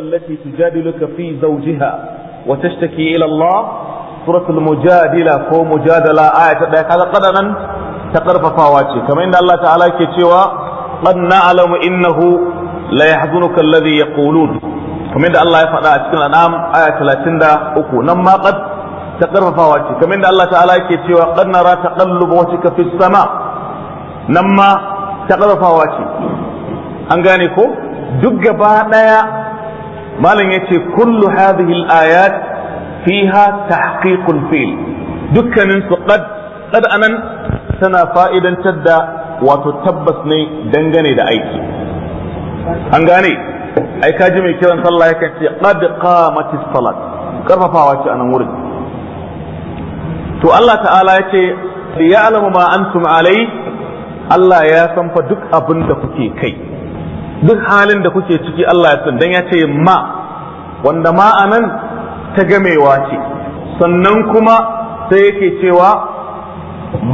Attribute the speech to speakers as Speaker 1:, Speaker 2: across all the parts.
Speaker 1: التي تجادلك في زوجها وتشتكي إلى الله سورة المجادلة فهو مجادلة آية هذا قدنا تقرف فواتي كما إن الله تعالى كتوى قد نعلم إنه لا يحزنك الذي يقولون كما إن الله يفعل أتكلم الأنام آية 33 نما قد تقرف فواتي كما إن الله تعالى كتوى قد نرى تقلب وجهك في السماء نما تقرف فواتي أنغانيكو duk gaba ɗaya malam yace kullu hadhihi al-ayat fiha tahqiqul fil dukkanin su qad qad anan tana fa'idantar da wato tabbas ne dangane da aiki an gane ai kaji mai kiran sallah yakan ce qad qamatis salat karfafawa ce anan wurin to Allah ta'ala yace ya'lamu ma antum alai Allah ya sanfa duk abin da kuke kai duk halin da kuke ciki Allah ya san dan ya ce ma wanda ma anan ta gamewa ce sannan kuma sai yake cewa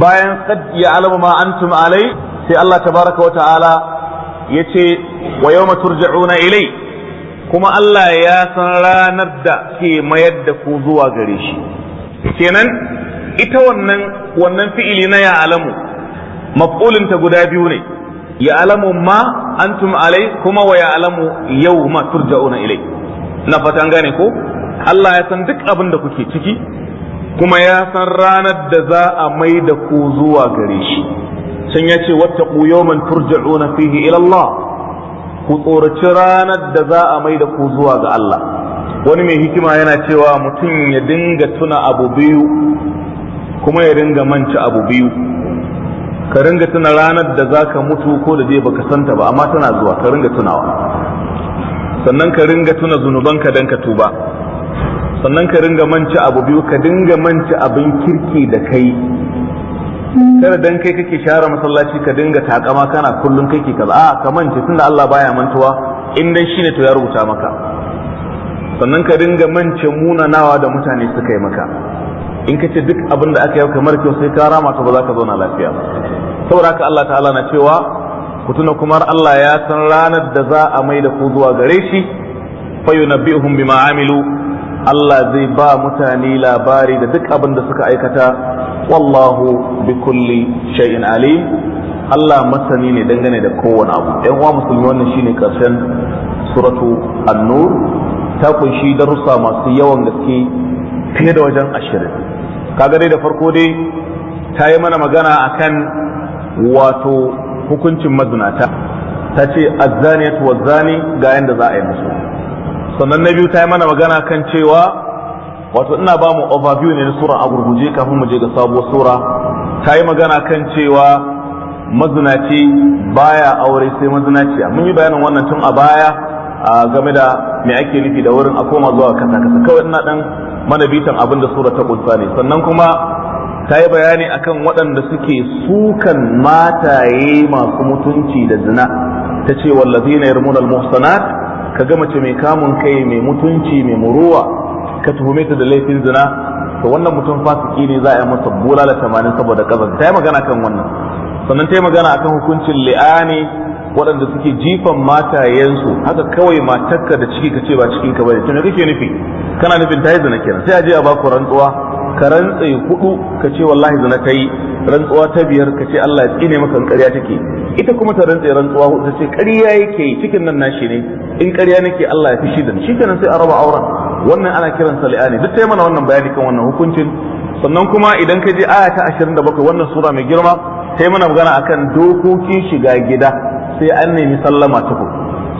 Speaker 1: bayan qad ya'lamu ma antum alai sai Allah tabaraka wa ta'ala yace wa yawma turja'una ilai kuma Allah ya san ranar da ke mayar da ku zuwa gare shi kenan ita wannan wannan fi'ili na ya'lamu maf'ulin ta guda biyu ne ya'lamu ma antum alai kuma wa ya'lamu yawma turja'una ilai na fatan gane ko Allah ya san duk abin da kuke ciki kuma ya san ranar da za a mai da ku zuwa gare shi sun ya ce wattaqu yawman turja'una fihi ila Allah ku tsoraci ranar da za a mai da ku zuwa ga Allah wani mai hikima yana cewa mutum ya dinga tuna abu biyu kuma ya dinga manci abu biyu ka ringa tuna ranar da za ka mutu ko da je baka santa ba amma tana zuwa ka ringa tunawa sannan ka ringa tuna zunubanka don ka tuba sannan ka ringa manci abu biyu ka dinga manci abin kirki da kai kada dan kai kake share masallaci ka dinga takama kana kullun kake kaza a ka tun tunda Allah baya mantuwa in dan shine to ya rubuta maka sannan ka dinga mance munanawa da mutane suka yi maka in ka ce duk abin da aka yi kamar kyau sai ka rama to ba za ka zauna lafiya ba saboda haka Allah ta'ala na cewa ku tuna kuma Allah ya san ranar da za a mai da ku zuwa gare shi yunabbihum bima amilu Allah zai ba mutane labari da duk abin da suka aikata wallahu bi kulli shay'in alim Allah masani ne dangane da kowane abu ɗan uwa musulmi wannan shine karshen suratu an-nur ta kunshi darussa masu yawan gaske fiye da wajen ashirin kaga dai da farko dai ta yi mana magana akan wato hukuncin mazinata ta ce azzaniyatu wazzani ga yadda za a yi musu sannan na biyu ta yi mana magana kan cewa wato ina ba mu overview ne na sura agurguje kafin mu je ga sabuwar sura ta yi magana kan cewa mazinaci baya aure sai mazinaci mun yi bayanin wannan tun a baya a game da me ake nufi da wurin a koma zuwa kasa kasa kawai ina dan mana bitan abin da sura ta kunsa ne sannan kuma ta yi bayani akan waɗanda suke sukan mataye masu mutunci da zina ta ce wallazi na yarmuna almuhsanat ka ga mace mai kamun kai mai mutunci mai muruwa ka tuhume ta da laifin zina to wannan mutum fasiki ne za a yi masa da tamanin saboda kazan ta yi magana kan wannan sannan ta yi magana akan hukuncin li'ani waɗanda suke jifan matayensu haka kawai matakka da ciki ka ce ba cikin ka bane to me kake nufi kana nufin ta yi zina kenan sai a je a baku rantsuwa ka rantsa hudu ka ce wallahi zina kai rantsuwa ta biyar ka ce Allah ya tsine maka ƙarya take ita kuma ta rantsa rantsuwa hudu ta ce ƙarya yake cikin nan nashi ne in ƙarya nake Allah ya fishi da shi kenan sai a raba auren wannan ana kiran sa li'ani duk tayi mana wannan bayani kan wannan hukuncin sannan kuma idan ka je aya ta 27 wannan sura mai girma tayi mana magana akan dokokin shiga gida sai an nemi sallama ku.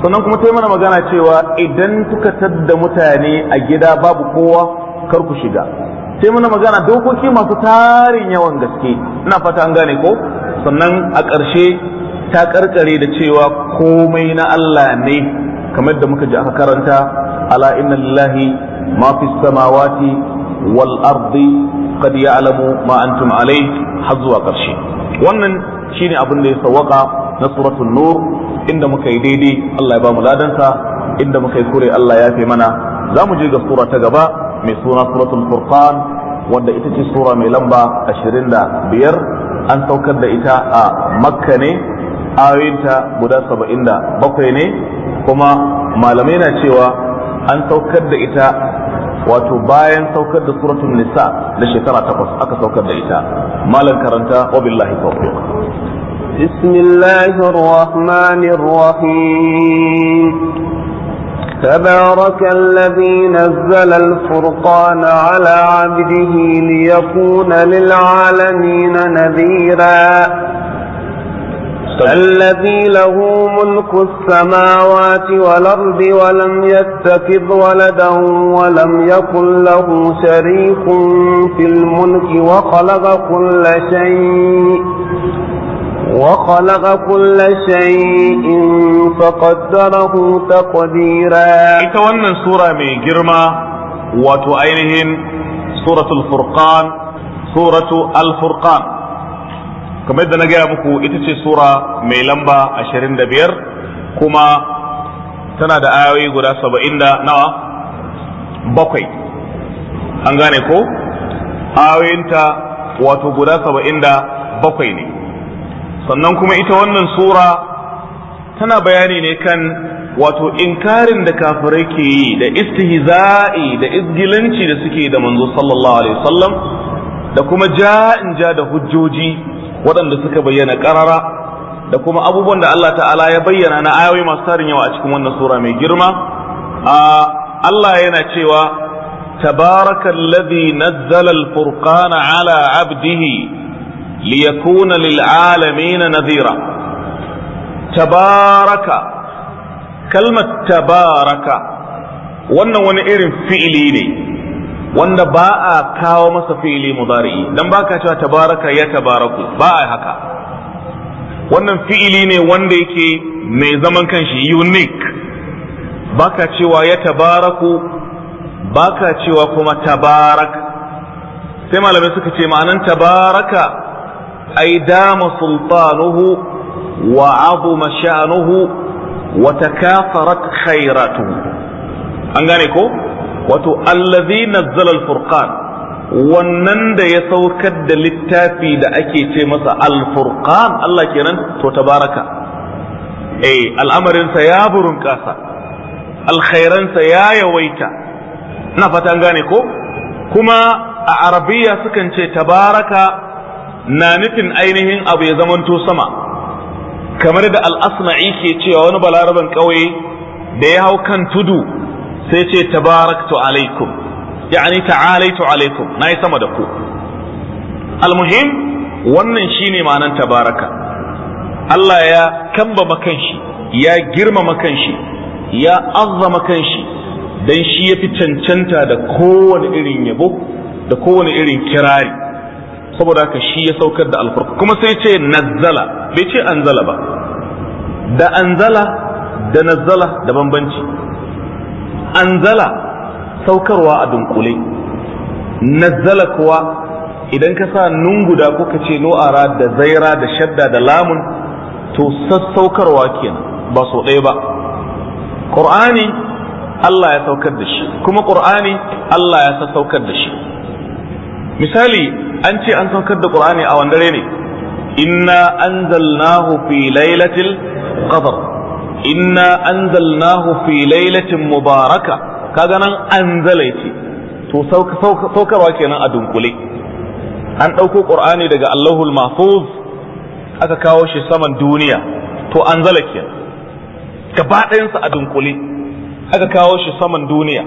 Speaker 1: sannan kuma ta mana magana cewa idan kuka tadda mutane a gida babu kowa kar ku shiga sai muna magana dokoki masu tarin yawan gaske ina fata an gane ko sannan a ƙarshe ta karkare da cewa komai na Allah ne kamar da muka ji aka karanta ala inna lillahi ma fi samawati wal ardi qad ya'lamu ma antum alayhi har zuwa ƙarshe wannan shine abin da ya sawaka na suratul nur inda muka yi daidai Allah ya ba mu ladansa inda muka yi kure Allah ya fi mana za mu je ga sura ta gaba mai suna suratul furqan wanda ita ce sura mai lamba 25 an saukar da ita a makka ne ayoyinta guda 77 ne kuma malamai na cewa an saukar da ita wato bayan saukar da suratul nisa da shekara takwas aka saukar da ita malam karanta wa billahi tawfiq بسم
Speaker 2: الله الرحمن الرحيم تبارك الذي نزل الفرقان على عبده ليكون للعالمين نذيرا طيب. الذي له ملك السماوات والأرض ولم يتخذ ولدا ولم يكن له شريك في الملك وخلق كل شيء وخلق كل شيء فقدره تقديرا ita
Speaker 1: wannan sura mai girma wato ainihin suratul suratu al-furqan kamar yadda na gaya muku ita ce sura mai lamba 25 kuma tana da ayoyi guda 70 da nawa bakwai an gane ko ayoyinta wato guda 77 ne sannan kuma ita wannan sura tana bayani ne kan wato inkarin da kafirai ke yi da istihza'i da izgilanci da suke da manzo sallallahu alaihi wasallam da kuma ja'in ja da hujjoji waɗanda suka bayyana ƙarara da kuma abubuwan da Allah ta'ala ya bayyana na ayoyi masu tarin yawa a cikin wannan sura mai girma a Allah yana cewa تبارك الذي نزل furkana ala abdihi ليكون na نذيرا تبارك kalmar تبارك wannan wani irin fi'ili ne wanda ba a kawo masa fi'ili mudari'i dan baka cewa tabaraka ya tabaraku ba a haka wannan fi'ili ne wanda yake mai zaman kanshi unique baka cewa ya tabaraku baka cewa kuma tabarak sai malamai suka ce ma'anan tabaraka أي دام سلطانه وعظم شأنه وتكاثرت خيراته أنغانيكو وتو الذي نزل الفرقان wannan da ya saukar da littafi da ake ce masa alfurqan Allah kenan to tabaraka eh al'amarinsa ya burin kasa alkhairansa ya yawaita na fatan gane ko kuma a arabiya sukan ce tabaraka na nufin ainihin abu ya zamanto sama kamar da asma'i ke cewa wani balaraban ƙauye da ya hau kan tudu sai ce tabaraktu alaikum ya'ani ta'alaitu alaikum na yi sama da ku almuhim wannan shine ma'anan tabaraka Allah ya kamba shi ya girmama kanshi ya azzama shi dan shi ya fi cancanta da kowane irin yabo da kowane irin kirari saboda haka shi ya saukar da alfarka. kuma sai ce nazzala bai ce anzala ba da anzala da nazzala da bambanci anzala saukarwa a dunkule nazzala kuwa idan ka sa nun guda kuka ce no'ara da zaira da shadda da lamun to sassaukarwa kenan ba so ɗaya ba ƙur'ani Allah ya saukar da shi kuma ƙur'ani Allah ya sassaukar da shi misali an ce an saukar da qur'ani a wandare ne inna anzalnahu fi lailatul qadr inna anzalnahu fi lailatin mubaraka kaga nan anzala yace to saukarwa kenan a dunkule an ɗauko qur'ani daga allahul mahfuz aka kawo shi saman duniya to anzala kenan gaba ɗayansa a dunkule aka kawo shi saman duniya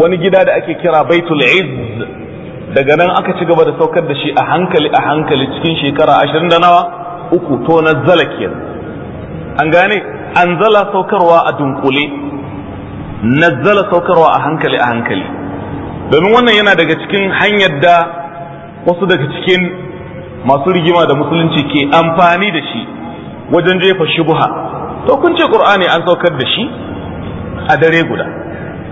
Speaker 1: wani gida da ake kira baitul izz daga nan aka ci gaba da saukar da shi a hankali a hankali cikin shekara ashirin da nawa uku to na zala yanzu. an gane an zala saukarwa a dunkule Na zala saukarwa a hankali a hankali domin wannan yana daga cikin hanyar da wasu daga cikin masu rigima da musulunci ke amfani da shi wajen jefa shubuha to kun ce qur'ani an saukar da shi a dare guda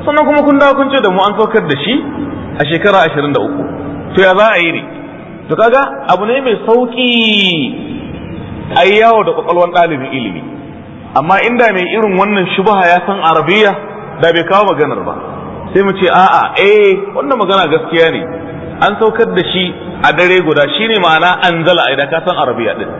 Speaker 1: sannan kuma kun dawo kun ce da mu an saukar da shi a shekara 23 to ya za a yi ne to kaga abu ne mai sauki a yawo da kwakwalwan ɗalibin ilimi amma inda mai irin wannan shubaha ya san arabiya da bai kawo maganar ba sai mu ce a'a eh wannan magana gaskiya ne an saukar da shi a dare guda shine ma'ana anzala idan ka san arabiya din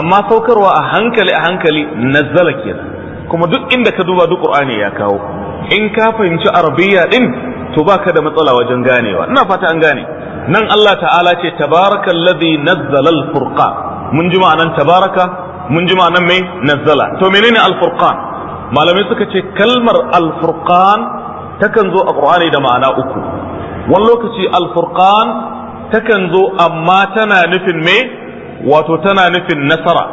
Speaker 1: amma saukarwa a hankali a hankali nazzala kenan kuma duk inda ka duba duk qur'ani ya kawo in ka fahimci arabiya din to baka da matsala wajen ganewa ina fata an gane nan Allah ta'ala ce tabarakallazi nazzala al mun ji ma'anan tabaraka mun ji ma'anan mai nazzala to menene alfurqan? malamai suka ce kalmar alfurqan takan zo a Qur'ani da ma'ana uku wani lokaci alfurqan takan zo amma tana nufin me wato tana nufin nasara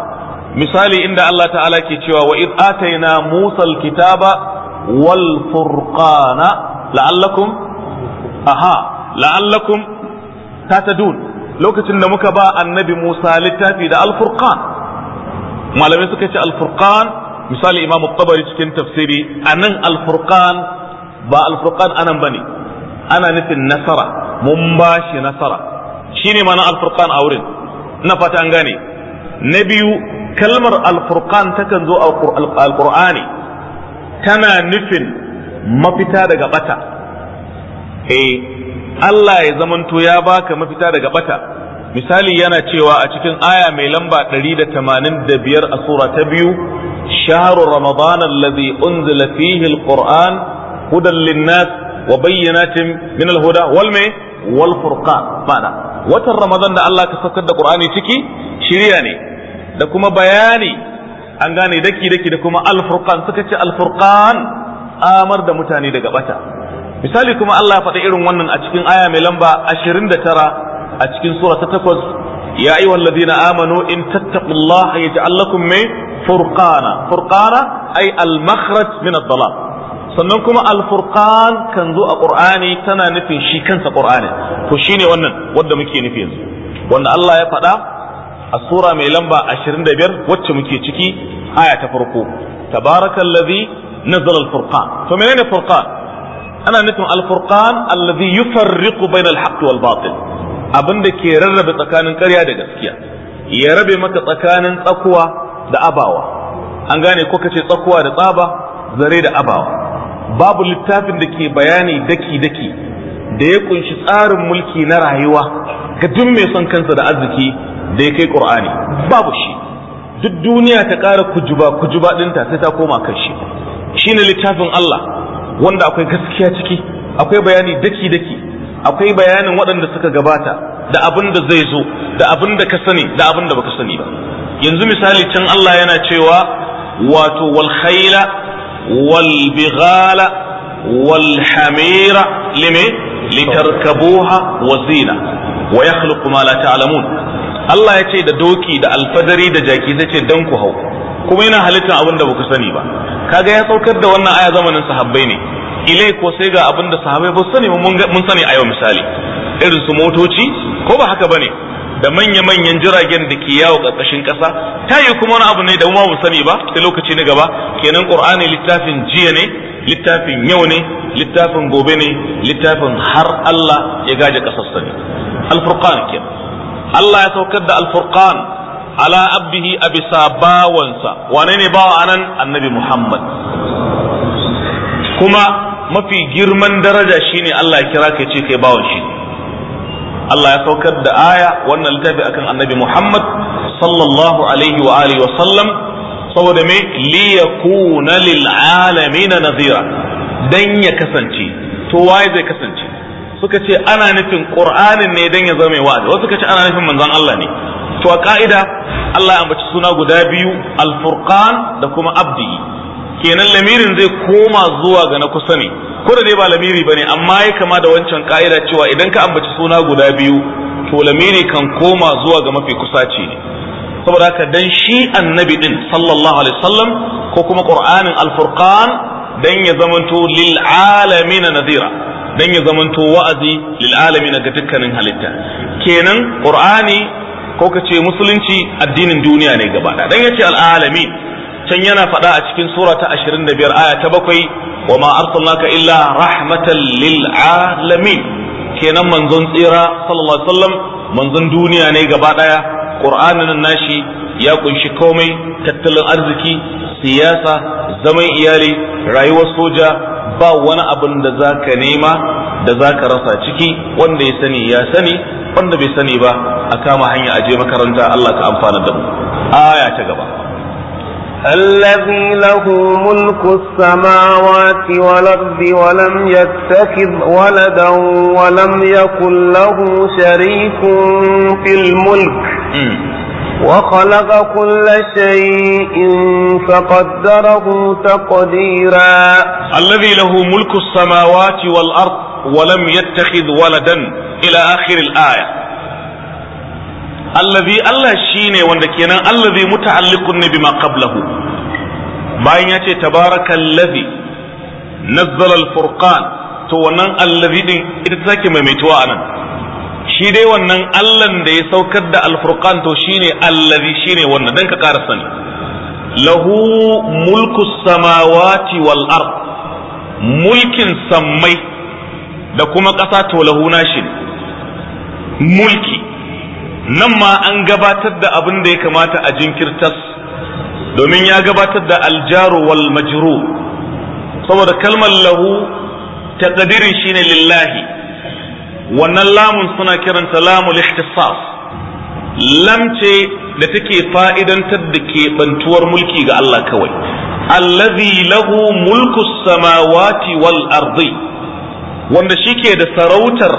Speaker 1: misali inda Allah ta'ala ke cewa wa id na musal kitaba wal furqana la'allakum aha la'allakum tatadun lokacin da muka ba annabi Musa littafi da al malamai suka ci al misali imamu tabari cikin tafsiri anan al ba al-furqan anan bane ana nufin nasara mun bashi nasara shine ma'anar al-furqan a wurin na fata an gane na biyu kalmar al-furqan takan zo a tana nufin mafita daga bata eh Allah ya zamanto ya baka mafita daga bata misali yana cewa a cikin aya mai lamba 185 a sura ta biyu shahru ramadan allazi unzila fihi alquran hudan linnas wa bayyanatin min alhuda wal mai wal furqan watan ramadan da Allah ka saukar da qur'ani ciki shirya ne da kuma bayani an gane daki daki da kuma alfurkan suka ce alfurkan, amar da mutane daga bata misali kuma Allah ya faɗa irin wannan a cikin aya mai lamba 29 a cikin sura ta ya ayyuhal ladina amanu in tattaqullaha yaj'al lakum min furqana furqana ay al makhraj min ad sannan kuma al-furqan kan zo a qur'ani tana nufin shi kansa qur'ani to shine wannan wanda muke nufi yanzu wanda Allah ya faɗa a sura mai lamba biyar wacce muke ciki aya ta farko tabarakallazi nazzala al-furqan to menene furqan ana nufin alfurkan furqan allazi yufarriqu bainal haqqi wal batil abinda ke rarrabe tsakanin karya da gaskiya ya rabe maka tsakanin tsakuwa da abawa an gane ko kace tsakuwa da tsaba zare da abawa babu littafin da ke bayani daki daki da ya kunshi tsarin mulki na rayuwa ga duk mai son kansa da arziki da ya kai qur'ani babu shi duk duniya ta ƙara kujuba kujuba ɗinta sai ta koma kan shi shine littafin Allah wanda akwai gaskiya ciki akwai bayani daki daki akwai bayanin waɗanda suka gabata da abin da zai zo da abin da ka sani da abin da baka sani ba yanzu misali can Allah yana cewa wato wal khayla wal bighala والحمير لمي لتركبوها وزينة ويخلق ما لا تعلمون Allah ya ce da doki da alfadari da jaki sai ce dan ku hau kuma yana halittar abin da baku sani ba kaga ya saukar da wannan aya zamanin sahabbai ne ilai ko sai ga abin da sahabbai ba sani mun sani a yau misali irin su motoci ko ba haka bane da manya-manyan jiragen da ke yawo ƙarƙashin ƙasa ta yi kuma wani abu ne da ba mu sani ba sai lokaci na gaba kenan ƙur'ani littafin jiya ne littafin yau ne littafin gobe ne littafin har Allah ya gaje ƙasarsa ne alfurqan ke Allah ya saukar da alfurqan ala abbihi a bisa bawansa wane ne bawa anan annabi Muhammad kuma mafi girman daraja shine Allah ya kira ka ce kai bawan shi Allah ya saukar da aya wannan littafi akan annabi Muhammad sallallahu alaihi wa alihi wa sallam saboda me li yakuna lil alamin nadhira dan ya kasance to waye zai kasance suka ce ana nufin qur'anin ne dan ya zama mai wa'azi wasu suka ce ana nufin manzon Allah ne to a ka'ida Allah ya ambaci suna guda biyu al-furqan da kuma abdi kenan lamirin zai koma zuwa ga na kusa ne ko da ba lamiri bane amma ya kama da wancan ka'ida cewa idan ka ambaci suna guda biyu to lamiri kan koma zuwa ga mafi kusa ce. saboda haka dan shi annabi din sallallahu alaihi wasallam ko kuma qur'anin al-furqan dan ya zamanto lil alamin nadira dan ya zamanto wa'azi lil alamin ga dukkanin halitta kenan qur'ani ko ka ce musulunci addinin duniya ne gaba dan yace al alamin can yana faɗa a cikin sura ta 25 aya ta bakwai wa ma arsalnaka illa rahmatan lil alamin kenan manzon tsira sallallahu alaihi wasallam manzon duniya ne gaba daya qur'anin nashi ya kunshi komai tattalin arziki siyasa zaman iyali rayuwar soja ba wani abin da zaka nema da zaka rasa ciki wanda ya sani ya sani wanda bai sani ba a kama hanya aje makaranta Allah ka amfana da mu aya ta gaba
Speaker 2: الذي له ملك السماوات والأرض ولم يتخذ ولدا ولم يكن له شريك في الملك وخلق كل شيء فقدره تقديرا الذي له ملك
Speaker 1: السماوات والأرض ولم يتخذ ولدا إلى آخر الآية allazi Allah shine wanda kenan allazi muta'alliqun ne bima qablahu bayan ya ce tabarakallazi nazzala al-furqan to wannan allazi din ita take maimaituwa anan shi dai wannan allan da ya saukar da al-furqan to shine allazi shine wannan dan ka ƙara sani lahu mulku samawati wal ard mulkin sammai da kuma ƙasa to lahu nashi mulki nan ma an gabatar da abin da ya kamata a jinkirtas domin ya gabatar da aljaru wal majru saboda kalmar lahu taqdirin shine lillahi wannan lamun suna kiranta lamul ihtisas lamce da take fa'idantar da keɓantuwar mulki ga Allah kawai allazi lahu mulku samawati wal ardi wanda shike da sarautar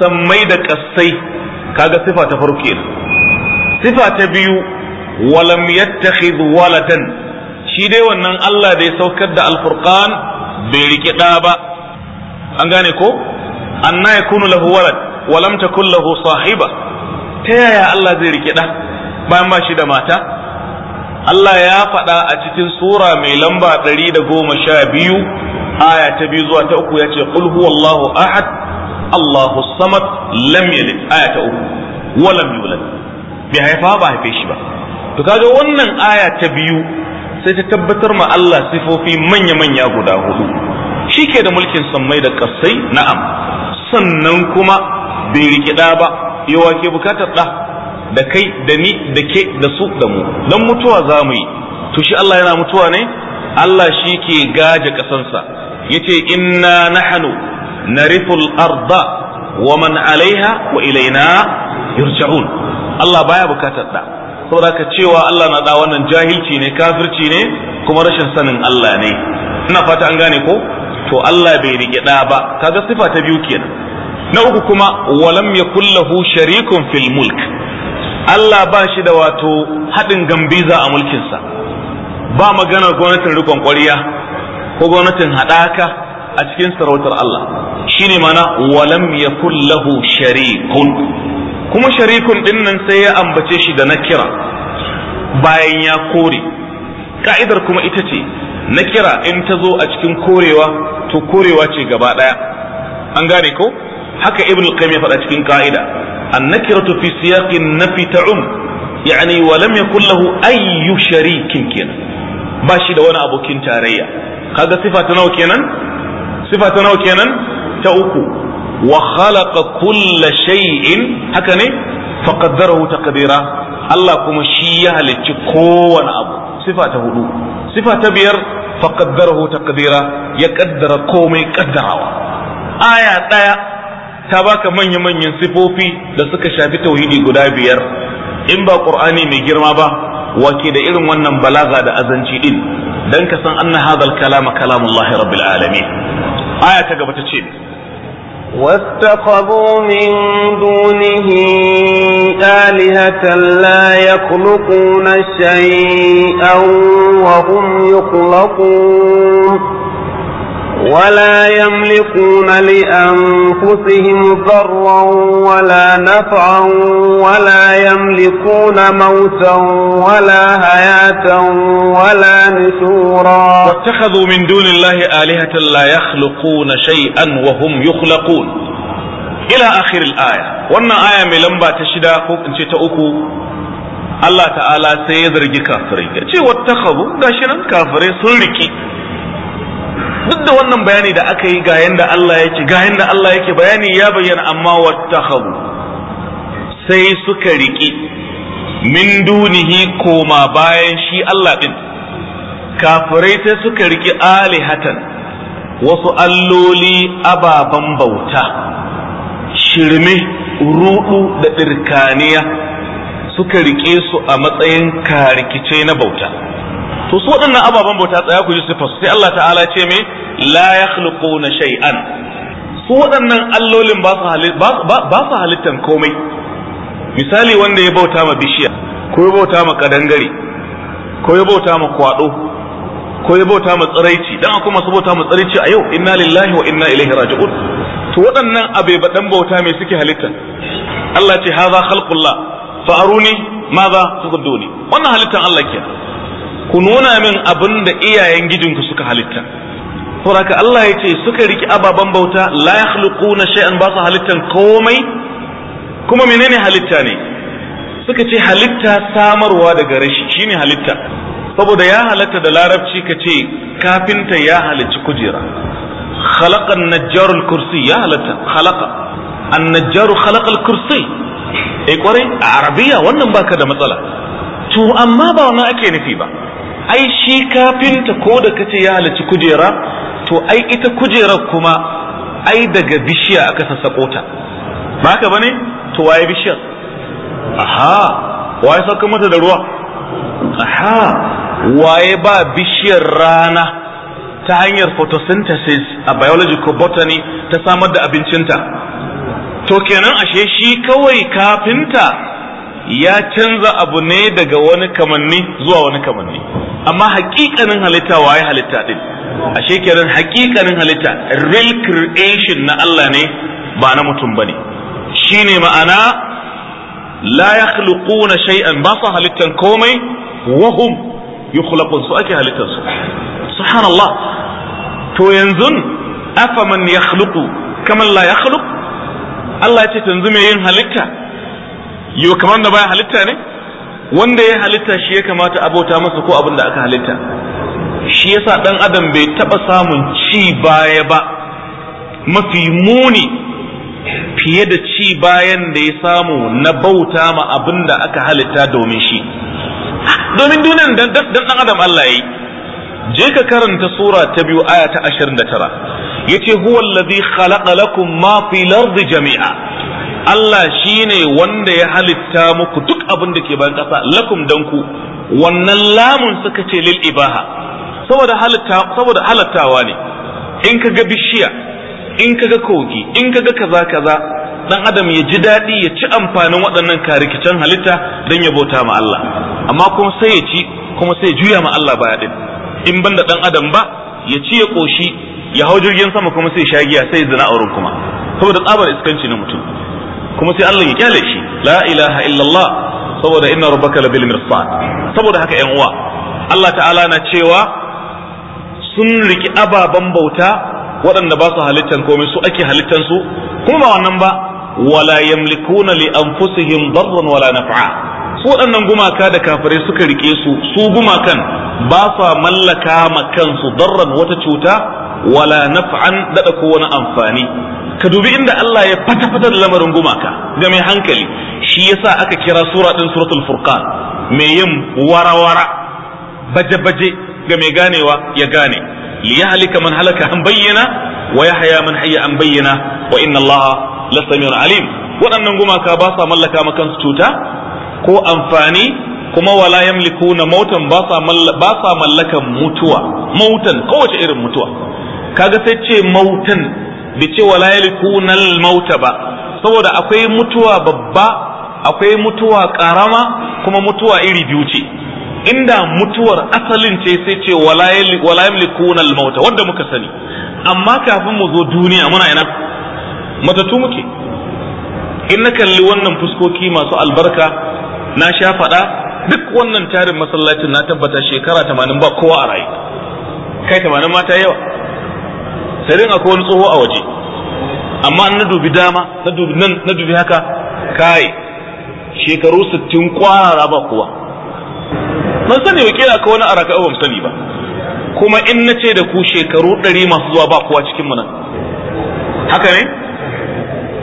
Speaker 1: sammai da ƙasai kaga sifa ta farko kenan sifa ta biyu walam yattakhidh waladan shi dai wannan Allah da ya saukar da alfurqan bai rike da ba an gane ko anna yakunu lahu walad walam takun lahu sahiba ta yaya Allah zai rike da bayan ba shi da mata Allah ya faɗa a cikin sura mai lamba ɗari da goma sha biyu aya ta biyu zuwa ta uku yace ce qul huwallahu ahad Allahu samad lam yalid aya ta uku wa lam yulad bai haifa ba haife shi ba to kaga wannan aya ta biyu sai ta tabbatar ma Allah sifofi manya manya guda hudu shi ke da mulkin sammai da kasai na'am sannan kuma bai riƙe ɗa ba yawa ke bukatar ɗa da kai da ni da ke da su da mu don mutuwa za mu yi to shi Allah yana mutuwa ne Allah shi ke gaje ƙasansa ya ce inna nahanu nariful arda wa man alaiha wa ilaina yurja'un Allah baya bukatar da saboda ka cewa Allah na da wannan jahilci ne kafirci ne kuma rashin sanin Allah ne ina fata an gane ko to Allah bai rike ɗa ba kaga sifa ta biyu kenan na uku kuma walam ya lahu sharikun fil mulk Allah ba shi da wato haɗin gambiza a mulkinsa ba maganar gwamnatin rikon ƙwariya ko gwamnatin haɗaka a cikin sarautar Allah shine mana walam yakul lahu sharikun kuma sharikun din nan sai ya ambace shi da nakira bayan ya kore ka'idar kuma ita ce nakira in ta zo a cikin korewa to korewa ce gaba daya an gane ko haka ibn al-qayyim ya faɗa cikin ka'ida an-nakiratu fi siyaqin nafi ta'um yani walam ya yakul lahu ayyu sharikin kenan ba shi da wani abokin tarayya kaga sifa ta nawa kenan sifa ta nawa kenan ta uku wa khalaqa kulla shay'in haka ne fa qaddarahu taqdira Allah kuma shi ya halicci kowane abu sifa ta hudu sifa ta biyar fa qaddarahu taqdira ya ƙaddara komai ƙaddarawa. aya daya ta baka manya-manyan sifofi da suka shafi tauhidi guda biyar in ba qur'ani mai girma ba wake da irin wannan balaga da azanci din dan ka san anna hadha kalama kalamullahi rabbil alamin aya ta gaba ta ce
Speaker 2: واتخذوا من دونه آلهة لا يخلقون شيئا وهم يخلقون ولا يملكون لأنفسهم ضرا ولا نفعا ولا يملكون موتا ولا حياة ولا نشورا
Speaker 1: واتخذوا من دون الله آلهة لا يخلقون شيئا وهم يخلقون إلى آخر الآية وانا آية من لمبا ta أنت تأكو الله تعالى سيدرج كافرين واتخذوا داشنا كافرين ya duk da wannan bayani da aka yi ga yanda Allah yake ga yanda Allah yake bayani ya bayyana amma wattakhu sai suka riki min dunihi koma bayan shi Allah din kafirai sai suka riki alihatan wasu alloli ababan bauta shirme rudu da dirkaniya suka rike su a matsayin karikice na bauta to su waɗannan ababen bauta tsaya ku ji sifar sai Allah ta'ala ce me la yakhluquna shay'an su waɗannan allolin ba su halittan komai misali wanda ya bauta ma bishiya ko ya bauta ma kadangare ko ya bauta ma kwado ko ya bauta ma tsiraici dan akwai masu bauta ma tsiraici a yau inna lillahi wa inna ilaihi raji'un to waɗannan abai baɗan bauta mai suke halitta Allah ce haza khalqullah fa aruni maza tukuduni wannan halittan Allah ke. ku nuna min abin da iyayen gidinku suka halitta saboda Allah ya ce suka riki ababen bauta la yakhluquna shay'an ba su halittan komai kuma menene halitta ne suka ce halitta samarwa daga rashi shine halitta saboda ya halatta da larabci ka ce kafinta ya halicci kujera khalaqa an kursi ya halatta khalaqa an-najjaru khalaqa al-kursi eh kwarai a arabiya wannan baka da matsala to amma ba wannan ake nufi ba ai shi kafinta ko da kace ya halarci kujera to ai ita kujerar kuma ai daga bishiya aka sassako ta ba haka bane to waye bishiyar aha waye sauka mata da ruwa aha waye ba bishiyar rana ta hanyar photosynthesis a biology ko botany ta samar da abincinta to kenan ashe shi kawai kafinta ya canza abu ne daga wani kamanni zuwa wani kamanni amma hakikanin halitta waye halitta din ashe kenan hakikanin halitta real creation na Allah ne ba na mutum bane shine ma'ana la yakhluquna shay'an ba su halittan komai wa hum yukhlaqun su ake halittan su subhanallah to yanzu afaman yakhluqu kaman la yakhluq Allah ya ce yanzu me yin halitta yo kamar da baya halitta ne wanda ya halitta shi ya kamata abota masa ko abin da aka halitta shi yasa dan adam bai taba samun ci baya ba mafi muni fiye da ci bayan da ya samu na bauta ma abin da aka halitta domin shi domin duniyar dan dan adam Allah yayi je ka karanta sura ta biyu aya ta ashirin da tara. Ya ce, khalaqa lakum ma mafi lardi jami'a Allah shi ne wanda ya halitta muku duk abin da ke bayan kasa lakum danku wannan lamun suka ce lil ibaha saboda halitta saboda ne in ka ga bishiya in ka ga kogi in ka ga kaza kaza dan adam ya ji daɗi ya ci amfanin waɗannan karikicen halitta don ya bauta ma Allah amma kuma sai ya ci kuma sai ya juya ma Allah baya din in ban da dan adam ba ya ci ya koshi ya hau jirgin sama kuma sai giya sai zina auren kuma saboda tsabar iskanci na mutum kuma sai Allah ya kyale shi la ilaha illallah saboda inna rabbaka labil mirsad saboda haka yan uwa Allah ta'ala na cewa sun riki ababen bauta waɗanda ba su halittan komai su ake halittan su kuma ba wannan ba wala yamlikuna li anfusihim darran wala naf'a su waɗannan gumaka da kafirai suka rike su su gumakan ba sa mallaka ma kansu darran wata cuta wala naf'an dada ko wani amfani ka dubi inda Allah ya fata fata da lamarin gumaka ga mai hankali shi yasa aka kira sura din suratul furqan mai yin warawara baje baje ga mai ganewa ya gane li yahlika man halaka an bayyana wa yahya man hayya an bayyana wa inna Allah lasamiyun alim waɗannan gumaka ba sa mallaka ma kansu cuta ko amfani kuma wala na mautan ba sa mallakan mutuwa mautan kowace irin mutuwa kaga sai ce mautan bai ce wala na mauta ba saboda akwai mutuwa babba akwai mutuwa karama kuma mutuwa iri biyu ce inda mutuwar asalin ce sai ce wala na mauta wanda muka sani amma kafin mu zo duniya muna ina matatu muke in na kalli wannan fuskoki masu albarka na sha faɗa duk wannan tarin masallacin na tabbata shekara tamanin ba kowa a rayu kai tamanin mata yawa sai dai akwai wani tsoho a waje amma na dubi dama na dubi nan na dubi haka kai shekaru sittin kwara ba kowa ban sani wakila ka wani araka ban sani ba kuma in na ce da ku shekaru ɗari masu zuwa ba kowa cikin mu nan haka ne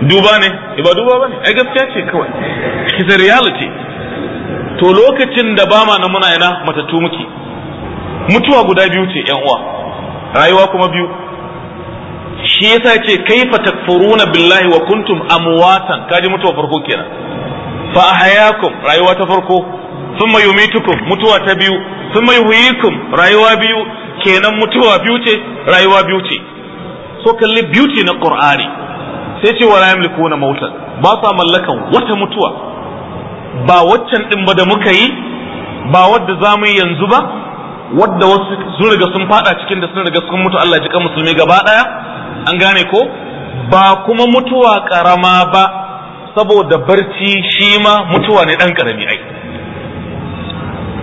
Speaker 1: duba ne eh, ba duba ba ne ai gaskiya ce kawai it's a reality to lokacin da ba ma nan muna ina matattu muke mutuwa guda biyu ce yan uwa rayuwa kuma biyu shi yasa ce kaifa takfuruna billahi wa kuntum amwatan kaji mutuwa farko kenan fa ahyakum rayuwa ta farko thumma yumitukum mutuwa ta biyu thumma yuhyikum rayuwa biyu kenan mutuwa biyu ce rayuwa biyu ce so kalli biyu na qur'ani sai ce wala yamlikuna mautan ba sa mallakan wata mutuwa ba waccan ɗin ba da muka yi ba wadda za mu yi yanzu ba wadda wasu sun riga sun fada cikin da sun riga sun mutu Allah ji musulmi gaba ɗaya, an gane ko ba kuma mutuwa karama ba saboda barci shi ma mutuwa ne dan karami ai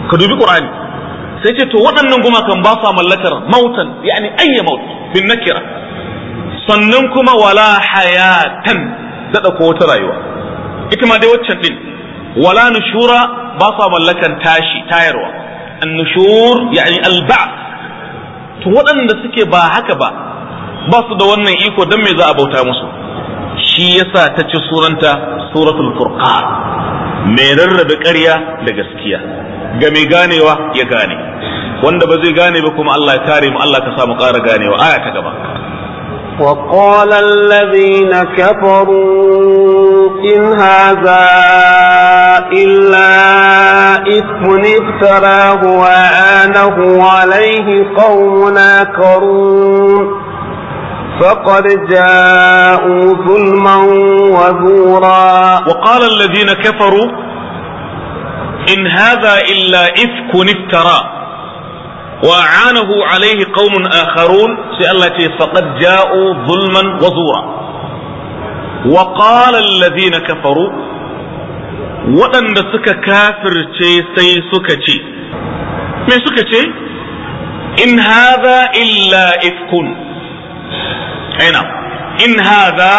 Speaker 1: ka dubi qur'ani sai ce to waɗannan gumakan ba sa mallakar mautan yani ayya maut bin nakira sannan kuma wala hayatan da ko wata rayuwa ita ma dai waccan ɗin. wala nushura ba sa mallakan tashi tayarwa annushur yani alba to waɗanda suke ba haka ba ba su da wannan iko don me za a bauta musu shi yasa ta ci suranta suratul furqan mai rarrabe ƙarya da gaskiya ga mai ganewa ya gane wanda ba zai gane ba kuma Allah ya kare mu Allah ka samu ƙara ganewa aya ta gaba
Speaker 2: وقال الذين كفروا إن هذا إلا إثم افتراه وآنه عليه قوم آخرون فقد جاءوا ظلما وزورا وقال الذين
Speaker 1: كفروا إن هذا إلا إفك افتراه wa anahu alaihi qaumun akharun sai Allah ce faqad ja'u zulman wa zura wa qala alladhina kafaru waɗanda suka kafirce sai suka ce me suka ce in hadha illa ifkun in hadha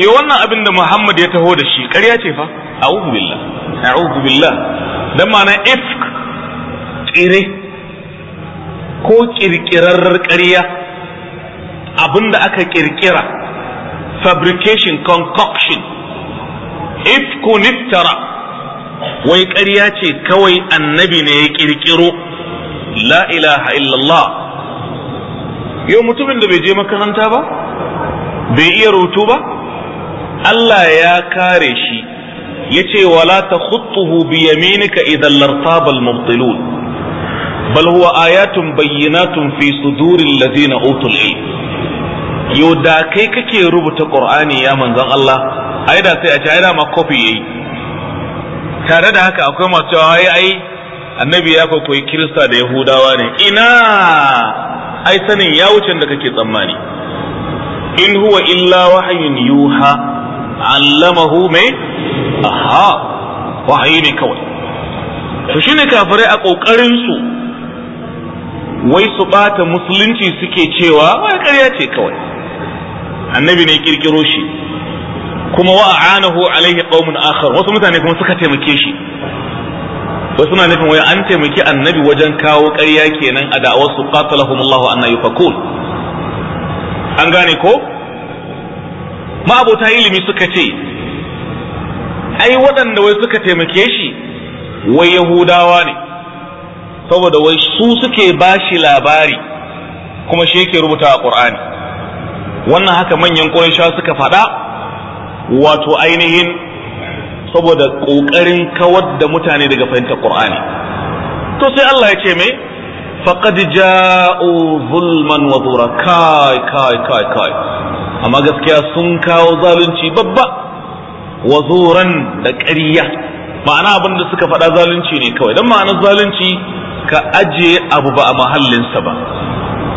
Speaker 1: eh wannan abin da Muhammad ya taho da shi ce fa dan ko kirkirar ƙarya abin da aka kirkira fabrication concoction ifkun wai ƙarya ce kawai annabi ne ya kirkiro la ilaha illallah yau mutumin da bai je makaranta ba bai iya rutu ba Allah ya kare shi yace wala ta khuttuhu bi yaminika idan lartabal mubtilun bal huwa ayatun bayyinatun fi suduril ladina utul ilm yo da kai kake rubuta qur'ani ya manzon Allah ai da sai a ce ai da ma copy yayi tare da haka akwai masu cewa ai ai annabi ya koyi kirista da yahudawa ne ina ai sanin ya wuce da kake tsammani in huwa illa wahayin yuha allamahu me. aha wahayi ne kawai to shine kafirai a kokarin su wai su bata musulunci suke cewa wai ƙarya ce kawai annabi ne kirkiro shi kuma wa a'anahu alaihi qaumun akhar wasu mutane kuma suka taimake shi wasu na nufin wai an taimaki annabi wajen kawo ƙarya kenan a da'awar su qatalahum Allah anna yufakun an gane ko abota ilimi suka ce ai waɗanda wai suka taimake shi wai yahudawa ne saboda wai su suke bashi labari kuma shi yake rubuta a Qur'ani wannan haka manyan Qurayshawa suka faɗa wato ainihin saboda ƙoƙarin kawar da mutane daga fahimtar Qur'ani to sai Allah ya ce me faqad ja'u zulman wa dhura kai kai kai kai amma gaskiya sun kawo zalunci babba wa zuran da ƙarya ma'ana abinda suka faɗa zalunci ne kawai don ma'anar zalunci ka aje abu ba a mahallinsa ba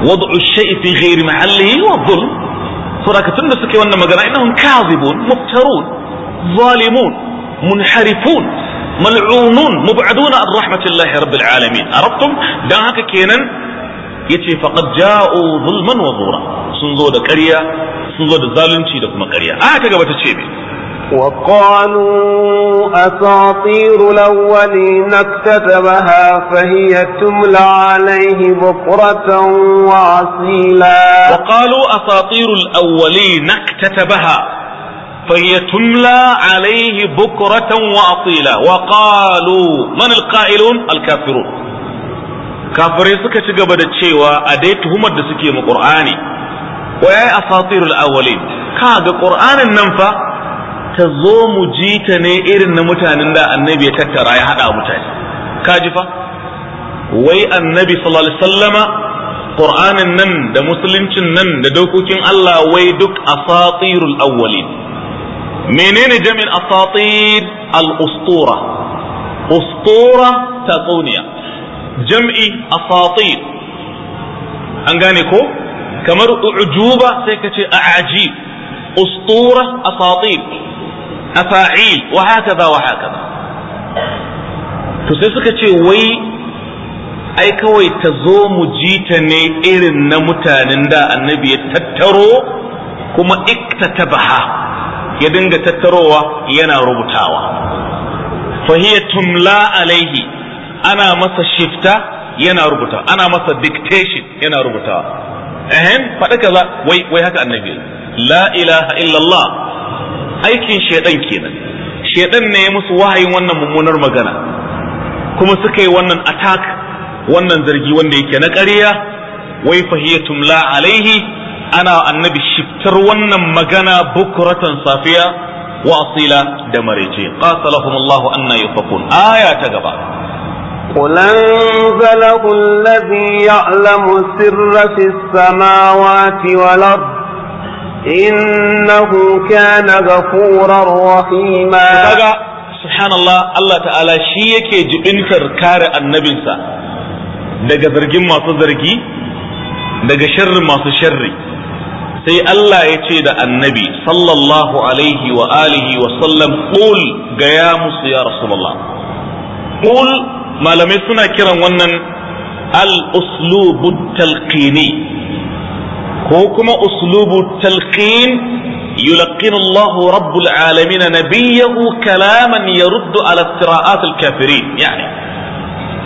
Speaker 1: wad'u shay'i fi ghairi mahallihi wa dhulm saboda tunda suke wannan magana innahum kadhibun muftarun zalimun munharifun mal'unun mub'adun an rahmatillahi rabbil alamin arabtum dan haka kenan yace faqad ja'u zulman wa zura sun zo da ƙarya sun zo da zalunci da kuma ƙarya aya ta gaba ta ce me
Speaker 2: وقالوا أساطير الأولين اكتتبها فهي تملى عليه بكرة وعصيلا وقالوا
Speaker 1: أساطير الأولين اكتتبها فهي تملى عليه بكرة وأصيلا وقالوا من القائلون الكافرون كافر suka ci الشيوى da cewa a قرآني tuhumar أساطير الأولين كاد قرآن wa ta zo mu ji ta ne irin na mutanen da annabi ya tattara ya hada mutane kaji fa wai annabi sallallahu alaihi wasallama qur'anin nan da musuluncin nan da dokokin Allah wai duk asatirul awwalin menene jami'in asatir al-ustura ustura tatsuniya jam'i asatir an gane ko kamar ujuba sai ka ce a'ajib ustura asatir afa'il wa hakaza wa hakaza to sai suka ce wai ai kawai ta zo mu jita ne irin na mutanen da annabi ya tattaro kuma iktatabaha ya dinga tattarowa yana rubutawa fahiya tumla alaihi ana masa shifta yana rubuta ana masa dictation yana rubutawa ehem faɗi kaza wai wai haka annabi la ilaha illallah aikin shedan kenan shedan ne ya musu wahayin wannan mummunar magana kuma suka yi wannan attack wannan zargi wanda yake na ƙarya wai fahiyatum la alaihi ana annabi shiftar wannan magana bukuratan safiya wa asila da marece qatalahum Allah anna yufakun aya ta gaba
Speaker 2: قل أنزله الذي يعلم السر في السماوات والأرض innahu kana ghafurar rahima kaga
Speaker 1: subhanallah Allah ta'ala shi yake jibintar kare annabinsa daga zargin masu zargi daga sharri masu sharri sai Allah ya ce da annabi sallallahu alaihi wa alihi wa sallam qul ga musu ya rasulullah qul malamai suna kiran wannan al-uslubu talqini ko kuma uslubu talqin يلقن الله رب العالمين نبيه كلاما يرد على افتراءات الكافرين يعني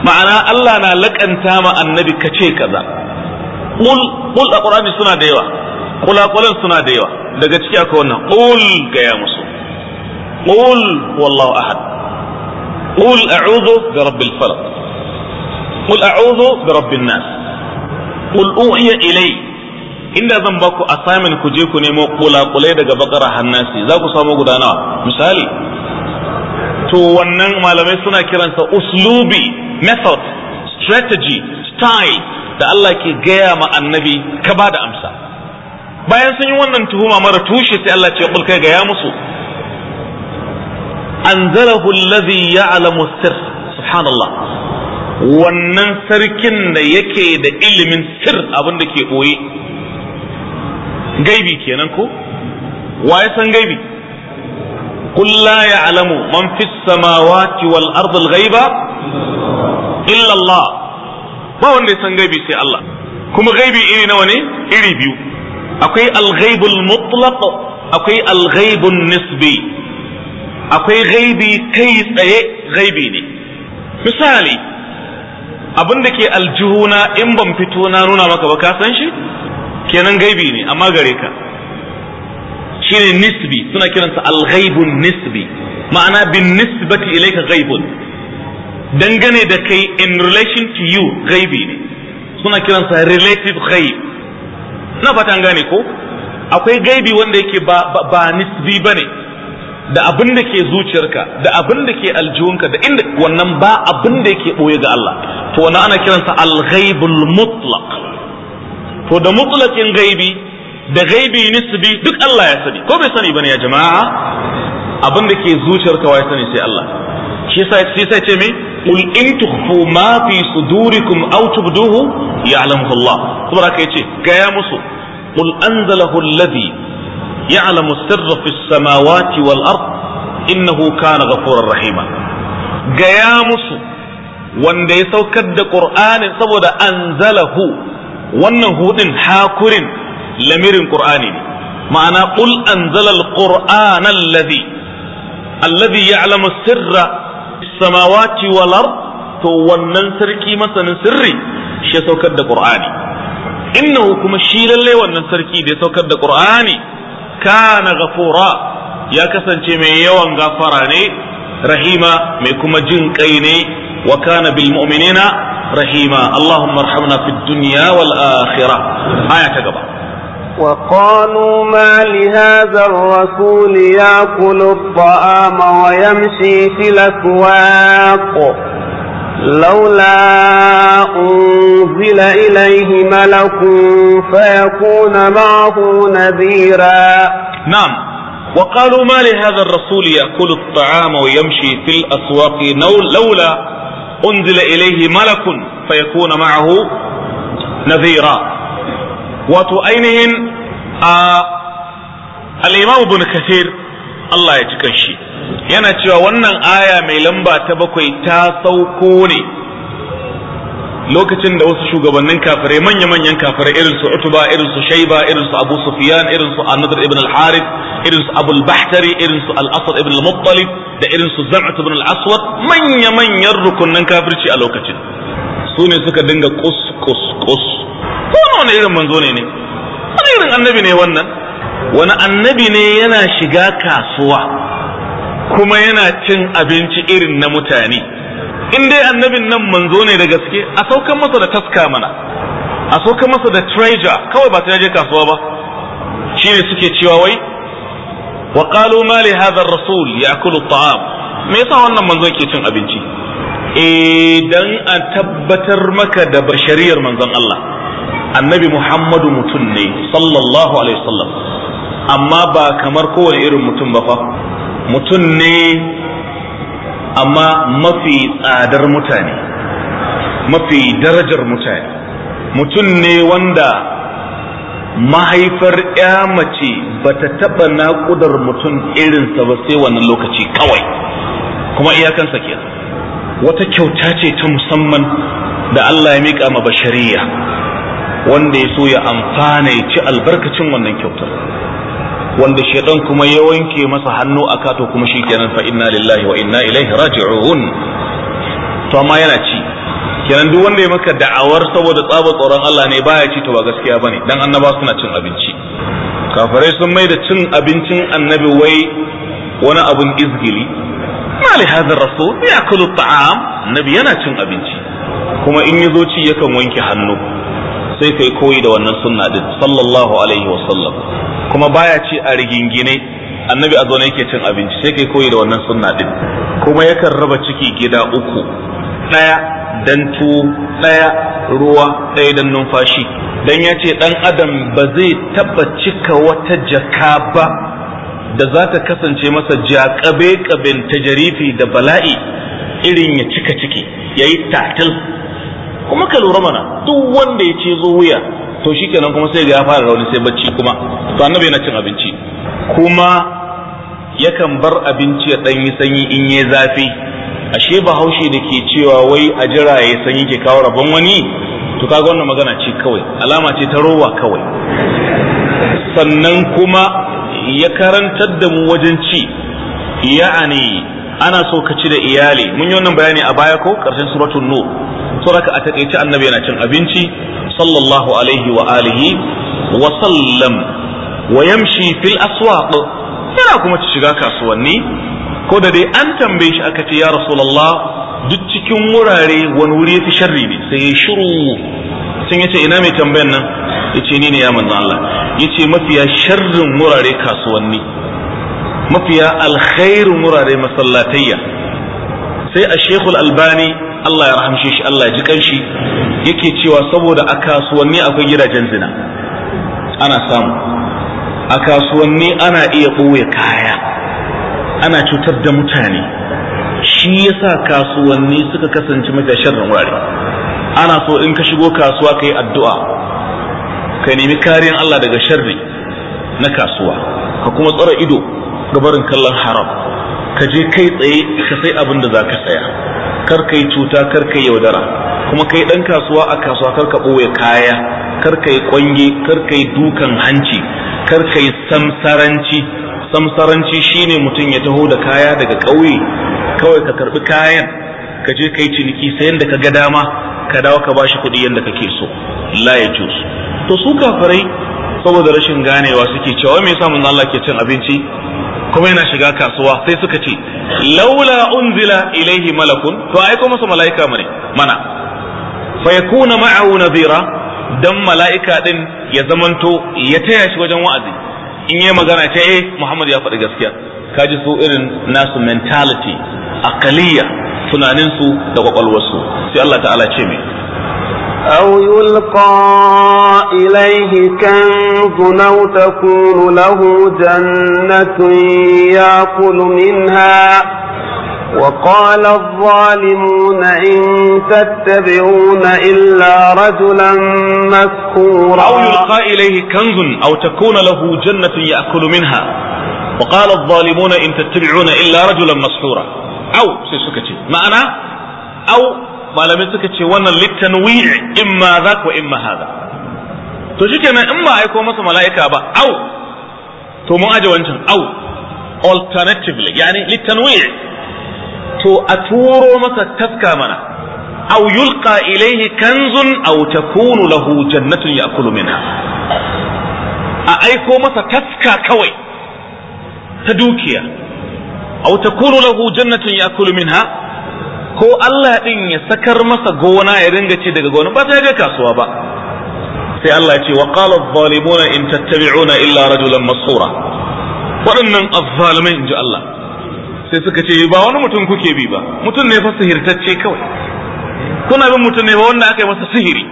Speaker 1: معنى الله انا لك ان تام النبي كشي كذا قل قل القران سنة ديوا قل قل سنة ديوا لقد كونه قل يا مسلم قل والله احد قل اعوذ برب الفلق قل اعوذ برب الناس قل اوحي الي inda zan ba ku assignment ku je ku nemo kulakulai daga bakara hannasi za ku samu guda nawa misali to wannan malamai suna kiransa uslubi method strategy style da Allah ke gaya ma annabi ka ba da amsa bayan sun yi wannan tuhuma mara tushe sai Allah ce kulkai gaya musu anzalahu allazi ya'lamu sirr subhanallah wannan sarkin da yake da ilimin sir abin da ke ɓoye gaibi kenan ko wa ya san gaibi qul la ya'lamu man fis samawati wal ardi al ghaiba illa wanda ya san gaibi sai Allah kuma gaibi iri nawa ne iri biyu akwai al ghaibul mutlaq akwai al ghaibun nisbi akwai gaibi kai tsaye gaibi ne misali abin da ke aljihuna in ban fito na nuna maka ba ka san shi kenan gaibi ne amma gare ka shine nisbi suna kiransa alghaibun nisbi ma'ana bin nisbati ilayka ghaibun dangane da kai in relation to you gaibi ne suna kiransa relative ghaib na fatan gane ko akwai gaibi wanda yake ba ba nisbi bane da abin da ke zuciyarka da abin da ke aljihunka da inda wannan ba abin da yake boye ga Allah to wannan ana kiransa alghaibul mutlaq to da mutlaqin gaibi da gaibi nisbi duk Allah ya sani ko bai sani bane ya jama'a abin da ke zuciyarka wai sani sai Allah shi sai shi sai ce me qul in tukhfu ma fi sudurikum aw tubduhu ya'lamuhu Allah saboda haka yace ga ya musu qul anzalahu alladhi ya'lamu sirra fis samawati wal ard innahu kana ghafurar rahima ga ya musu wanda ya saukar da ƙur'ani saboda anzalahu wannan hudin hakurin lamirin qur'ani ne ma'ana qul anzala alqur'ana alladhi alladhi ya'lamu sirra samawati wal ard to wannan sarki masanin sirri shi saukar da qur'ani innahu kuma shi lalle wannan sarki da saukar da qur'ani kana ghafura ya kasance mai yawan gafara ne رحيما ميكم جن كيني وكان بالمؤمنين رحيما اللهم ارحمنا في الدنيا والآخرة آية كبا
Speaker 2: وقالوا ما لهذا الرسول يأكل الطعام ويمشي في الأسواق لولا أنزل إليه ملك فيكون معه نذيرا نعم وقالوا ما
Speaker 1: لهذا الرسول يأكل الطعام ويمشي في الأسواق لولا أنزل إليه ملك فيكون معه نذيرا وتؤينهم آه الإمام ابن كثير الله يتكشي yana cewa آية aya mai تاسوكوني lokacin da wasu shugabannin kafirai manya-manyan kafirai irin su Utuba irin su Shayba irin su Abu Sufyan irin su an ibn al-Harith irin su Abu al-Bahtari irin su Al-Asad ibn al-Muttalib da irin su Zam'at ibn al-Aswad manya-manyan rukunnan kafirci a lokacin su ne suka dinga kus kus kus ko wani irin manzo ne ne wani irin annabi ne wannan wani annabi ne yana shiga kasuwa kuma yana cin abinci irin na mutane in dai annabin nan manzo ne da gaske a saukan masa da taska mana a saukan masa da treasure kawai ba ta je kasuwa ba shine suke cewa wai wa qalu ma li hadha ar-rasul ya'kulu at-ta'am me yasa wannan manzo yake cin abinci idan eh, a tabbatar maka da bashariyar manzon Allah annabi Muhammadu mutum ne sallallahu alaihi wasallam amma ba kamar kowane irin mutum ba fa mutum ne amma mafi tsadar mutane mafi darajar mutane mutum ne wanda mahaifar ya mace ba ta taɓa naƙudar mutum irinsa ba sai wannan lokaci kawai kuma iyakansa ke wata kyauta ce ta musamman da Allah ya miƙa ma bashariya wanda ya so ya amfana ya ci albarkacin wannan kyautar wanda shaidan kuma ya wanke masa hannu a kato kuma shikenan fa inna lillahi wa inna ilaihi raji'un to amma yana ci kenan duk wanda ya maka da'awar saboda tsaba tsoron Allah ne baya ci to ba gaskiya bane dan annaba suna cin abinci kafirai sun mai da cin abincin annabi wai wani abun izgili ma li hadha rasul ya'kulu ta'am annabi yana cin abinci kuma in yazo ci yakan wanke hannu sai kai koyi da wannan sunna din sallallahu alaihi wa sallam kuma baya ci a rigingine annabi a zaune yake cin abinci sai kai koyi da wannan sunna din kuma yakan raba ciki gida uku ɗaya dan tuwo ɗaya ruwa ɗaya dan numfashi dan ya ce ɗan adam ba zai taba cika wata jaka ba da za ta kasance masa jakabe-kaben tajarifi da bala'i irin ya cika ciki yayi yi tatil kuma ka lura mana duk wanda ya ce zo wuya to shikenan kuma sai ga ya fara rauni sai bacci kuma to annabi yana cin abinci kuma yakan bar abinci ya dan yi sanyi in yayi zafi ashe bahaushe da ke cewa wai a jira yayi sanyi ke kawo rabon wani to kaga wannan magana ce kawai alama ce ta rowa kawai sannan kuma ya karantar da mu wajen ci ya'ani ana so ka ci da iyali mun yi wannan bayani a baya ko karshen suratul nur saboda a takaice annabi yana cin abinci sallallahu alaihi wa alihi wa sallam wa yamshi fil aswaq yana kuma shiga kasuwanni ko da dai an tambaye shi aka ce ya rasulullah duk cikin wurare wani wuri yafi sharri ne sai ya shiru sun yace ina mai tambayan nan yace ni ne ya manzo Allah yace mafiya sharrin wurare kasuwanni mafiya alkhairu wurare masallatayya sai a shekul albani Allah ya rahamshe shi Allah ya ji kanshi yake cewa saboda a kasuwanni akwai gidajen zina ana samu a kasuwanni ana iya ɓoye kaya ana cutar da mutane shi yasa kasuwanni suka kasance mafi sharrin wurare ana so in ka shigo kasuwa ka yi addu'a ka nemi kariyar Allah daga sharri na kasuwa ka kuma tsara ido ga barin kallon haram ka je kai tsaye ka sai abin da za ka saya kar ka cuta kar ka yaudara kuma kai ɗan kasuwa a kasuwa kar ka ɓoye kaya kar ka yi kar ka dukan hanci kar ka yi samsaranci samsaranci shine mutum ya taho da kaya daga ƙauye kawai ka karɓi kayan ka je ka ciniki sayan da ka ga dama ka dawo ka bashi kuɗi yadda kake so la ya to su kafirai saboda rashin ganewa suke cewa me yasa mun Allah ke cin abinci kuma yana shiga kasuwa sai suka ce laula unzila ilaihi malakun to ai aiko masa mala'ika mare mana fa yakuna ma'ahu nadhira dan mala'ika din ya zamanto ya taya shi wajen wa'azi in yayi magana ta eh Muhammad ya faɗi gaskiya kaji su irin nasu mentality aqaliya su da kwakwalwarsu sai Allah ta'ala ce mai
Speaker 2: أو يلقى إليه كنز أو تكون له جنة يأكل منها وقال الظالمون إن تتبعون إلا رجلا مسكورا أو يلقى
Speaker 1: إليه كنز أو تكون له جنة يأكل منها وقال الظالمون إن تتبعون إلا رجلا مسحورا أو سيسكتي معنى أو malamai suka ce wannan litanwi imma zak wa imma hadha to shi shikenan in ba aiko masa mala'ika ba au to mun aje wancan au alternatively yani litanwi to a turo masa taska mana au yulqa ilayhi kanzun aw takunu lahu jannatun ya'kulu minha a aiko masa taska kawai ta dukiya aw takunu lahu jannatun ya'kulu minha ko Allah ɗin ya sakar masa gona ya ringa ci daga gona ba ta ga kasuwa ba sai Allah ya ce wa qala adh-dhalimuna in tattabi'una illa rajulan masura waɗannan azzalimai inji Allah sai suka ce ba wani mutum kuke bi ba mutum ne fa sihirtacce kawai kuna bin mutum ne ba wanda aka yi masa sihiri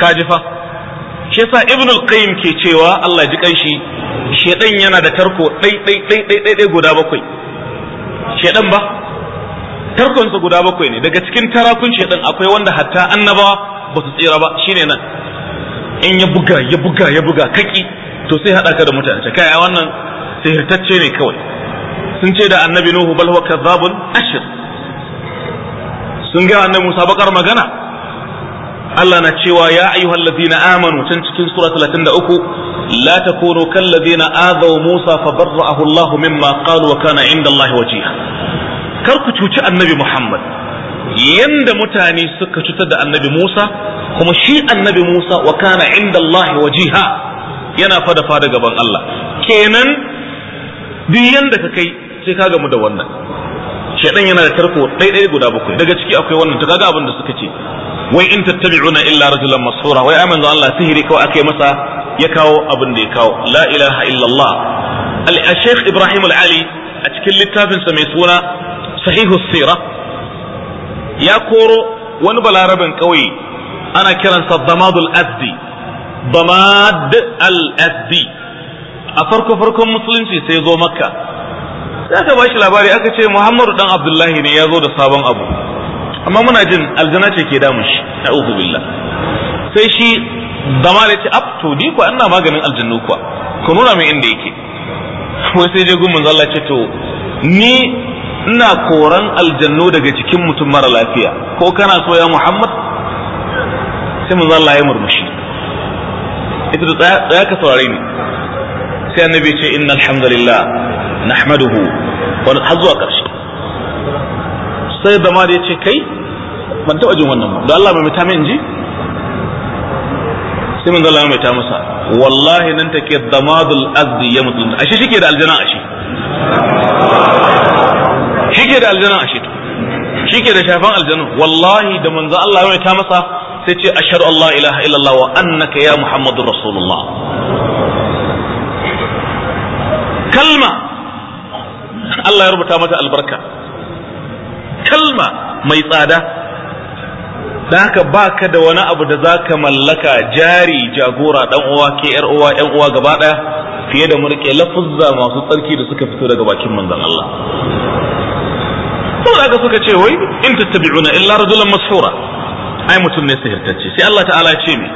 Speaker 1: kaji fa shi yasa ibn al-qayyim ke cewa Allah ji kanshi shedan yana da tarko dai dai dai dai dai guda bakwai shedan ba tarkonsa guda bakwai ne daga cikin tarakun shedan akwai wanda hatta annabawa ba su tsira ba shine nan in ya buga ya buga ya buga kaki to sai hada ka da mutane ta kai wannan sihirtacce ne kawai sun ce da annabi nuhu bal huwa kadhabun ashir sun ga annabi musa bakar magana Allah na cewa ya ayyuhallazina amanu can cikin sura 33 لا تكونوا كالذين آذوا موسى فبرأه الله مما قال وكان عند الله وجيها kar ku cuci annabi Muhammad yanda mutane suka cutar da annabi Musa kuma shi annabi Musa wa kana inda Allah wajiha yana fada fada gaban Allah kenan duk yanda ka kai sai ka gamu da wannan shedan yana da tarko ɗaiɗai guda bakwai daga ciki akwai wannan to kaga abin da suka ce wai in tattabi'una illa rajulan masura wai amanzu Allah sihiri kawai akai masa ya kawo abin da ya kawo la ilaha illallah al-shaykh Ibrahim al-Ali a cikin littafinsa mai suna sahihu sira ya koro wani balaraben ƙauye ana kiransa damadul azdi damad al-azdi a farko farkon musulunci sai zo makka ya ka bashi labari aka ce muhammadu dan abdullahi ne ya zo da sabon abu amma muna jin aljana ce ke damun shi a'udhu billah sai shi damar ya ce ab to ni ko ina maganin aljannu kuwa ku nuna min inda yake wai sai je gun manzo Allah ce to ni ina koran aljanno daga cikin mutum mara lafiya ko kana so ya Muhammad sai manzo Allah ya murmushi ita da tsaya ka saurare ni sai annabi ce inna alhamdulillah nahmaduhu wa nahzu karshe sai da ma da yace kai ban taba jin wannan ba don Allah mai mutame in ji sai manzo Allah ya mai ta masa wallahi nan take damadul azdi ya musulunta ashe shike da aljana ashe shike da aljana ashe shike da shafan aljanu wallahi da manzo Allah ya ta masa sai ce ashhadu an la ilaha illallah wa annaka ya muhammadur rasulullah kalma Allah ya rubuta mata albarka kalma mai tsada da haka baka da wani abu da za ka mallaka jari jagora dan uwa ke yar uwa yan uwa gaba daya fiye da murke lafuzza masu tsarki da suka fito daga bakin manzon Allah to daga suka ce wai in tattabi'una illa rajulan mashhura ai mutum ne sihirtacce sai Allah ta'ala ya ce mi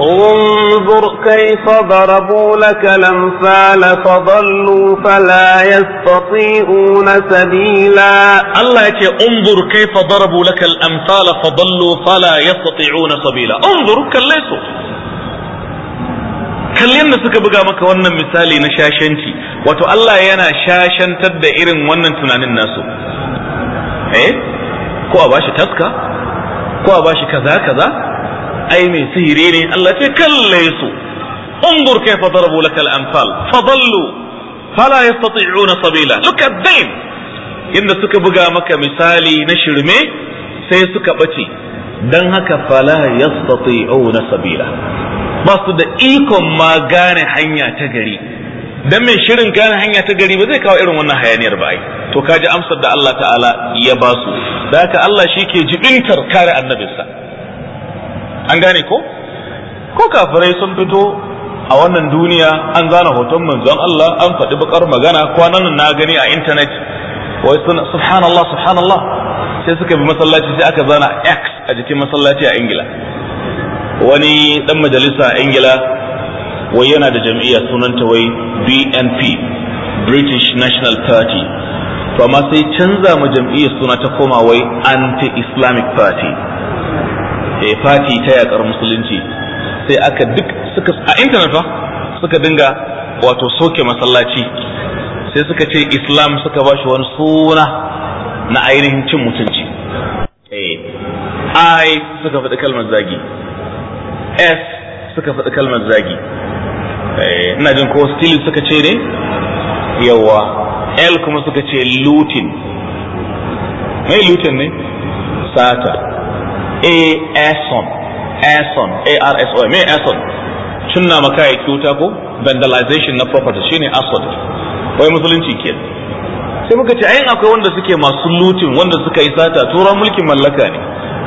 Speaker 2: انظر كيف ضربوا لك الأمثال فضلوا فلا يستطيعون سبيلا الله يتي انظر
Speaker 1: كيف ضربوا لك الأمثال فضلوا فلا يستطيعون سبيلا انظر كالليسو kallon da suka buga maka wannan misali na shashanci wato Allah yana shashantar da irin wannan tunanin nasu eh ko a bashi taska ko a bashi kaza kaza ai mai sihiri ne Allah ce kalle su انظر كيف ضربوا لك الامثال فضلوا فلا يستطيعون sabila look at inda suka buga maka misali na shirme sai suka bace dan haka fala yastati'una sabila ba su da ikon ma gane hanya ta gari dan mai shirin gane hanya ta gari ba zai kawo irin wannan hayaniyar ba ai to kaji amsar da Allah ta'ala ya ba su da haka Allah shi ke jibintar kare annabinsa an gane ko ko kafirai sun fito a wannan duniya an zana hoton manzon Allah an faɗi bakar magana kwanan na gani a intanet wai sun, subhanallah subhanallah sai suka bi masallaci sai aka zana x a jikin masallaci a ingila wani dan majalisa a ingila wai yana da jam'iyya sunanta wai bnp british national party to amma sai canza ma jam'iyyar suna ta koma wai anti-islamic party fati ta yakar musulunci sai aka duk suka a intanet fa suka dinga wato soke masallaci sai suka ce islam suka ba shi wani suna na ainihin cin mutunci eh, i suka faɗi kalmar zagi s suka faɗi kalmar zagi eh, ina jin ko stil suka ce ne yawa l kuma suka ce lutin mai lutin ne sata arson arson arson me arson tunna makayayyaki wuta ko vandalization na property shine ason wai musulunci ke sai muka ce ayin akwai wanda suke masu lutin wanda suka yi sata turan mulkin mallaka ne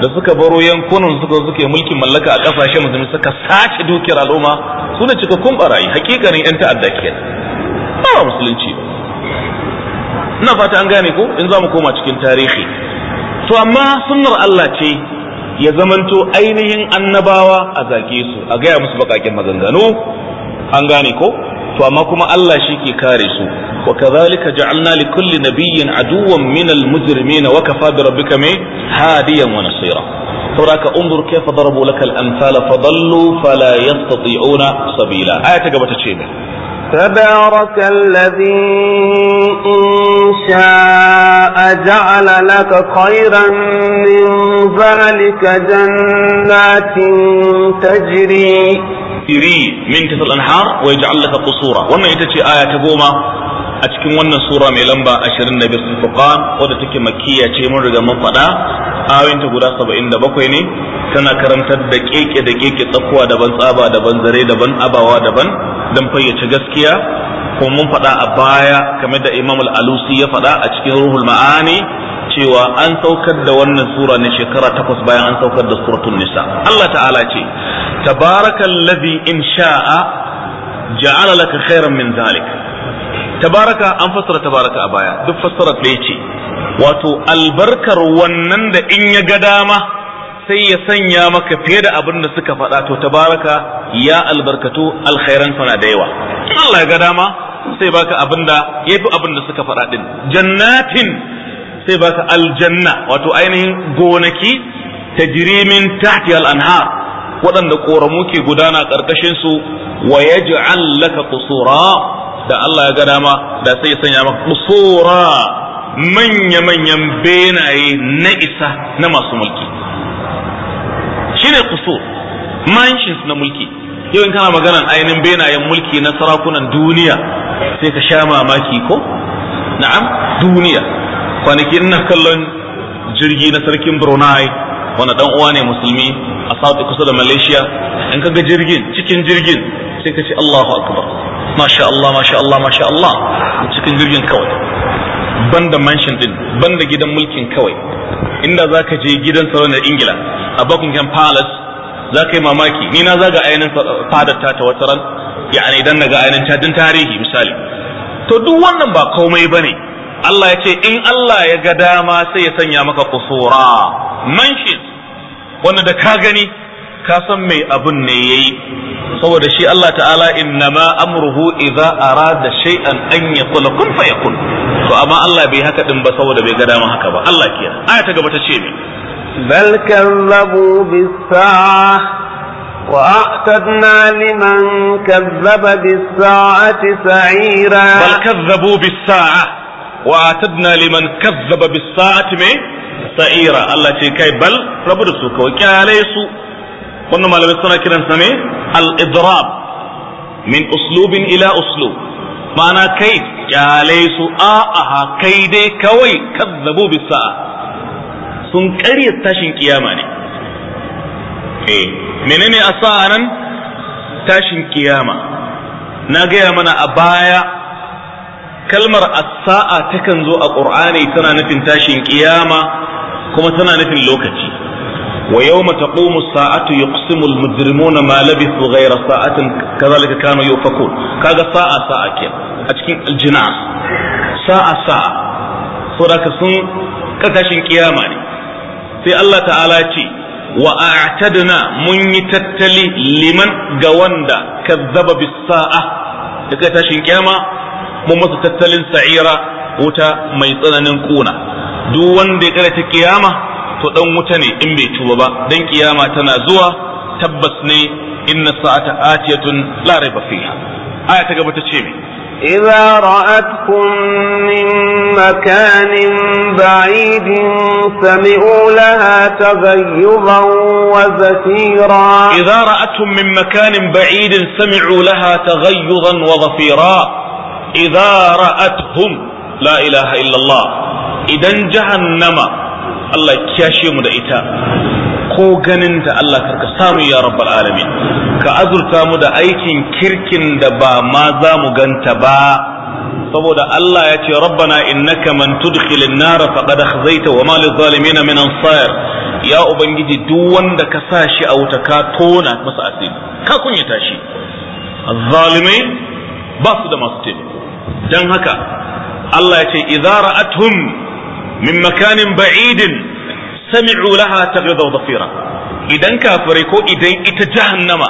Speaker 1: da suka baro yankunan suka suke mulkin mallaka a kasashen musulmi suka sace dukiyar al'umma su ne cikakkun barayi hakikanin yan ta'adda ke ba musulunci ina fata an gane ko in za mu koma cikin tarihi to amma sunnar Allah ce ya zamanto ainihin annabawa a zage su a gaya musu bakakin maganganu an gane ko to amma kuma Allah shi ke kare su wa kadhalika ja'alna li kulli nabiyyin aduwwan min al mujrimina wa kafa bi rabbika me hadiyan wa nasira saboda unzur kayfa darabu laka al fadallu fala yastati'una sabila aya ta gaba ta ce
Speaker 2: تبارك الذي إن شاء جعل لك خيرا من ذلك جنات تجري
Speaker 1: تري من تحت الأنهار ويجعل لك قصورا وما يتشي آية قوما a cikin wannan sura mai lamba 25 furqan wadda take makkiya ce mun riga mun faɗa ta guda 77 ne tana karantar da keke da keke tsakuwa daban tsaba daban zare daban abawa daban dan fayyace gaskiya kuma mun faɗa a baya kamar da Imam Al-Alusi ya faɗa a cikin Ruhul Ma'ani cewa an saukar da wannan sura ne shekara takwas bayan an saukar da suratul nisa Allah ta'ala ce tabarakallazi in sha'a ja'ala laka khairan min zalik tabaraka an fassara tabaraka a baya duk fassara ɗaya ce wato albarkar wannan da in ya ga dama sai ya sanya maka fiye da abin da suka faɗa to tabaraka ya albarkatu alkhairan sana da yawa Allah ya ga dama sai baka abin da yafi abin da suka faɗa din jannatin sai baka aljanna wato ainihin gonaki tajrimin tahti al-anhar waɗanda ƙoramu ke gudana ƙarƙashin su wa yaj'al laka qusura da Allah ya ga dama da sai ya sanya maka kusura manya-manyan benaye na isa na masu mulki shine kusur mansions na mulki yau in kana maganar ainihin benayen mulki na sarakunan duniya sai ka sha mamaki ko na'am duniya kwanaki ina kallon jirgi na sarkin brunei wani dan uwa ne musulmi a Sauti kusa da malaysia in ka ga jirgin cikin jirgin sai ka ce Allahu akbar masha Allah masha Allah masha Allah cikin jirgin kawai banda mansion din banda gidan mulkin kawai inda zaka je gidan tsaron na Ingila a Buckingham Palace za ka yi mamaki ni na zaga ainihin fadar ta wata ran yani idan na ga ainihin cadin tarihi misali to duk wannan ba komai bane Allah ya ce in Allah ya ga dama sai ya sanya maka kusura mansions wanda da ka gani ka san mai abun ne yayi saboda shi Allah ta'ala innama amruhu idza arada shay'an an yaqula kun fayakun to amma Allah bai haka din ba saboda bai ga dama haka ba Allah kiya. aya ta gaba ta ce me
Speaker 2: bal kazzabu bis-sa'ah وأعتدنا لمن كذب بالساعة سعيرا بل كذبوا بالساعة وأعتدنا لمن
Speaker 1: كذب بالساعة من sa'ira Allah ce kai bal rabu da su kawai kyale su wannan malamai suna kiransa ne al-idrab min uslubin ila uslu. ma'ana kai kyale su a'a kai dai kawai kazzabu bisa sun karya tashin kiyama ne eh menene asa'a nan tashin kiyama na gaya mana a baya kalmar asa'a takan zo a ƙur'ani tana nufin tashin ƙiyama kuma tana nufin lokaci wa yawma taqumu as-sa'atu yuqsimu al-mujrimuna ma labithu ghayra sa'atin kadhalika kanu yufakun kaga sa'a sa'a ke a cikin al-jinas sa'a sa'a saboda sun kasashin ƙiyama ne sai Allah ta'ala ce wa a'tadna mun yi tattali liman ga wanda kazzaba bis sa'a daga tashin kiyama mun masa tattalin sa'ira wuta mai tsananin kuna duk wanda ya karanta ƙiyama. to dan wuta ne in bai tuba ba dan kiyama tana zuwa tabbas ne inna sa'ata atiyatun la raiba fiha aya ta gaba ta ce me
Speaker 2: إذا رأتكم من مكان بعيد سمعوا لها تغيظا وزفيرا إذا رأتهم من مكان
Speaker 1: بعيد سمعوا لها تغيظا وظفيرا إذا رأتهم لا إله إلا الله إذا جهنم Allah kyashe mu da ita ko ganin da Allah karka samu ya rabbal alamin ka azurta mu da aikin kirkin da ba ma za mu ganta ba saboda Allah ya ce rabbana innaka man tudkhilin nar faqad akhzaita wa ma lizalimin min ansar ya ubangiji duk wanda ka sa shi a wuta ka tona masa asiri ka kunyata shi Zalimai ba su da masu taimako dan haka Allah ya ce idza ra'atuhum min makanin ba'idin sami'u laha taghidha wa basira idan kafirai ko idan ita jahannama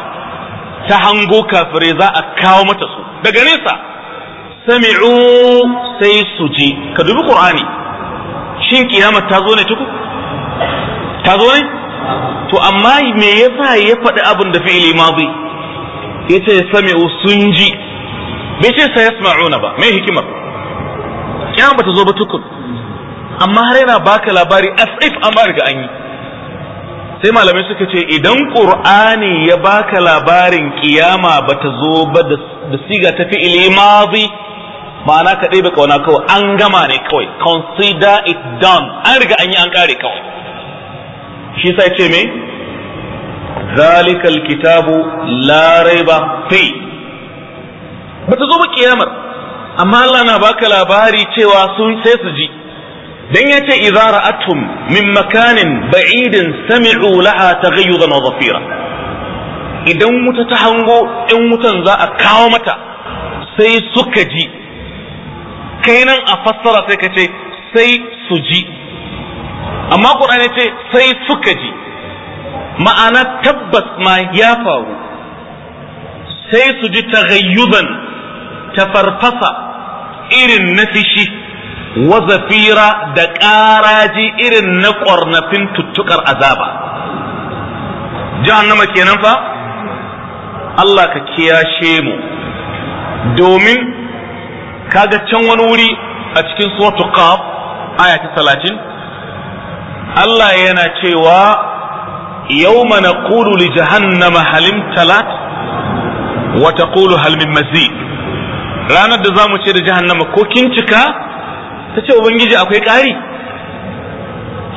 Speaker 1: ta hango kafirai za a kawo mata su daga nesa sami'u sai su ji ka dubi qur'ani shin kiyama ta zo ne tuku ta zo ne to amma me yasa ya faɗi abin da fi'ili madi yace sami'u sun ji bai ce sayasma'una ba me hikimar kiyama ta zo ba tukun amma har yana baka labari as if an ba riga an yi sai malamai suka ce idan qur'ani ya baka labarin kiyama bata zo ba da siga ta fi'ili madi ma'ana ka ɗebe kauna kawai an gama ne kawai consider it done an riga an yi an kare kawai shi sai ce me zalikal kitabu la raiba fi bata zo ba kiyamar amma Allah na baka labari cewa sun sai su ji dan yace idza ra'atuhum min makanin ba'idin sami'u laha taghayyuzan wa zafira idan wuta ta hango in wutan za a kawo mata sai suka ji kainan a fassara sai ka ce sai su ji amma qur'ani ce sai suka ji ma'ana tabbas ma ya faru sai su ji taghayyuzan ta farfasa irin na shi. wa zafira da ƙaraji irin na ƙwarnafin tuttukar azaba jahannama kenan fa Allah ka kiyashe mu domin kaga can wani wuri a cikin suratu qaf aya ta 30 Allah yana cewa yawma naqulu li jahannama halim talat wa taqulu hal min mazid ranar da zamu ce da jahannama ko kin cika ta ce ubangiji akwai ƙari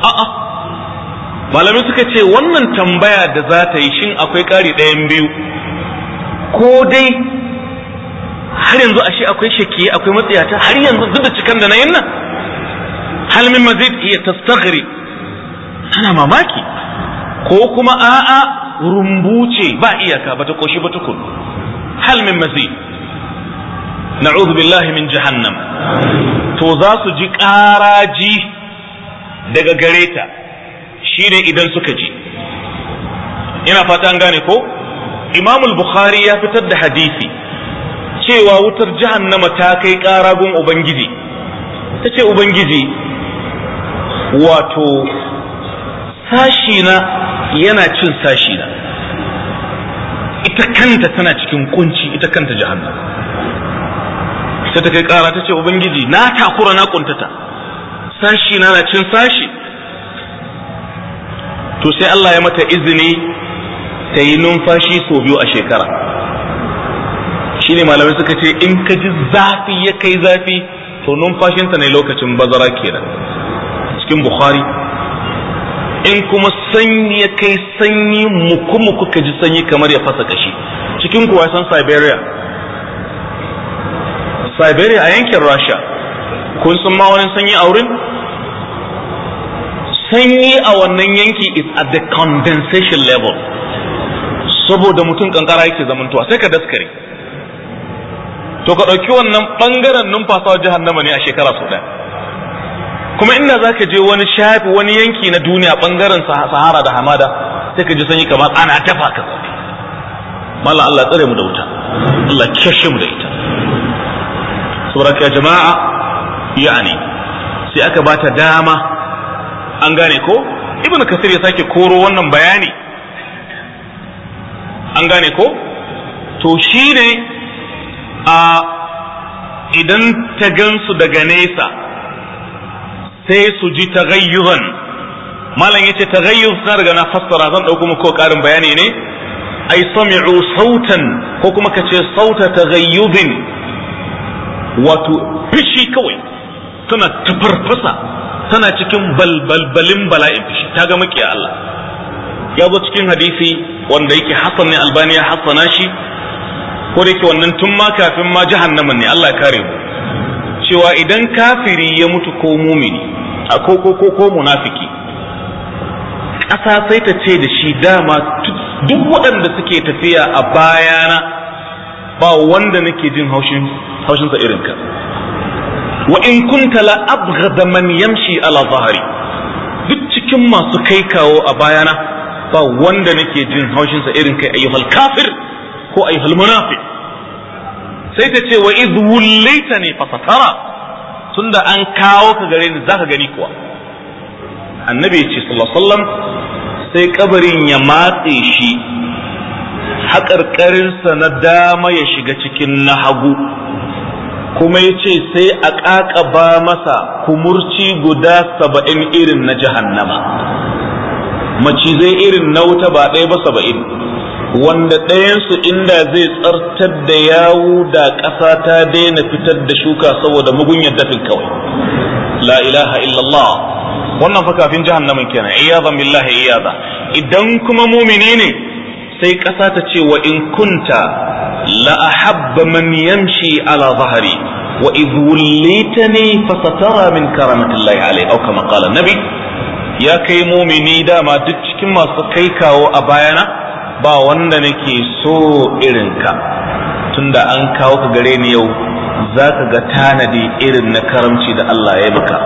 Speaker 1: a'a malamai suka ce wannan tambaya da za ta yi shin akwai ƙari ɗayan biyu ko dai har yanzu ashe akwai shaki akwai matsiyata har yanzu duk da cikan da na yin nan halmin mazid iya tastaghri tana mamaki ko kuma a'a rumbuce ba iyaka ba ta koshi ba tukun halmin mazid na'udhu billahi min jahannam to za su ji ƙaraji daga gare ta shine idan suka ji ina fata an gane ko imamul bukhari ya fitar da hadisi cewa wutar jahannama ta kai ƙaragun ubangiji ta ce ubangiji wato sashina yana cin sashina ita kanta tana cikin kunci ita kanta jahannama sai ta kai kara ta ce ubangiji na takura na kuntata sashi na na cin sashi to sai Allah ya mata izini ta yi numfashi sau biyu a shekara shine malamai suka ce in ka ji zafi ya kai zafi to numfashinta ne lokacin bazara kenan cikin bukhari in kuma sanyi ya kai sanyi muku muku ka ji sanyi kamar ya fasa kashi cikin kuwa san siberia siberia a yankin rasha kun sun ma wani sanyi a wurin sanyi a wannan yanki is at the condensation level saboda mutum kankara yake zamantowa sai ka daskare to ka ɗauki wannan ɓangaren numfasawa jahannama ne a shekara sau ɗaya kuma inda za ka je wani shafi wani yanki na duniya ɓangaren sahara da hamada sai ka ji sanyi kamar ana dafa ka mala Allah tsare mu da wuta Allah kyashe mu da sauraka ya jama'a sai aka bata dama an gane ko ibn kasir ya sake koro wannan bayani an gane ko to shi ne a idan ta gansu daga nesa sai su ji tagayyuzan malam ya yace tagayyuz na daga na fassara zan ɗauku muku ƙarin bayani ne ai sami'u sautan ko kuma ka ce sauta tagayyuzin wato fishi kawai tana tafarfasa tana cikin bal-bal-balin bala'in fishi ta ga maƙiya Allah ya zo cikin hadisi wanda yake hasan ne albani ya hasana shi ko da yake wannan tun ma kafin ma jahannaman ne Allah kare mu cewa idan kafiri ya mutu ko mumini a ko ko ko ko munafiki ƙasa sai ta ce da shi dama duk waɗanda suke tafiya a bayana ba wanda nake jin haushin haushinsa irin ka wa in kunta la abghada man yamshi ala zahari duk cikin masu kai kawo a bayana ba wanda nake jin haushinsa irin kai ayyuhal kafir ko ayyuhal munafiq sai ta ce wa idh wullaita ne fa satara tunda an kawo ka gare ni zaka gani kuwa annabi ya ce sallallahu alaihi wasallam sai kabarin ya matse shi haƙarƙarinsa na dama ya shiga cikin na hagu kuma ya ce sai a ƙaƙaba masa kumurci guda saba'in irin na jahannama macizai irin na wuta ba ɗaya ba saba'in wanda ɗayansu inda zai tsartar da yawu da ƙasa ta daina fitar da shuka saboda mugunyar dafin kawai la ilaha illallah wannan fa kafin jahannamin kenan iyazan billahi iyaza idan kuma mumini ne sai ƙasa ta ce wa in kunta la ahabba man yamshi ala zahari wa idh fasatara min karamatillahi alayhi aw kama qala nabi ya kai mumini dama duk cikin masu kai kawo a bayana ba wanda nake so irinka tunda an kawo ka gare ni yau zaka ga tanadi irin na karamci da Allah ya maka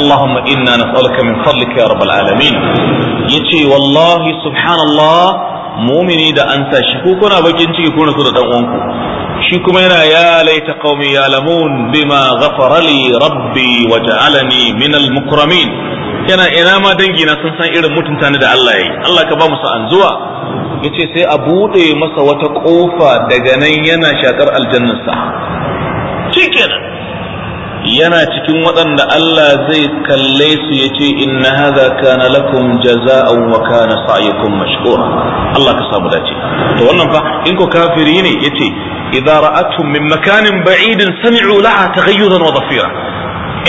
Speaker 1: Allahumma inna nas'aluka min fadlika ya rabbal alamin yace wallahi subhanallah mumini da an shi ko kuna bakin ciki kuna so da dan uwanku shi kuma yana ya laita qaumi ya'lamun bima ghafara li rabbi wa ja'alani min al-mukramin yana ina ma dangi na sun san irin mutunta ni da Allah yayi Allah ka ba musu anzuwa zuwa yace sai a bude masa wata kofa daga nan yana shakar aljannarsa shikenan yana cikin waɗanda Allah zai kalle su ya ce inna hadha kana lakum jaza'an wa kana sa'yukum mashkura Allah ka samu dace to wannan fa in ko kafiri ne yace idza ra'atuhum min makanin ba'idin sami'u laha taghayyuzan wa dhafira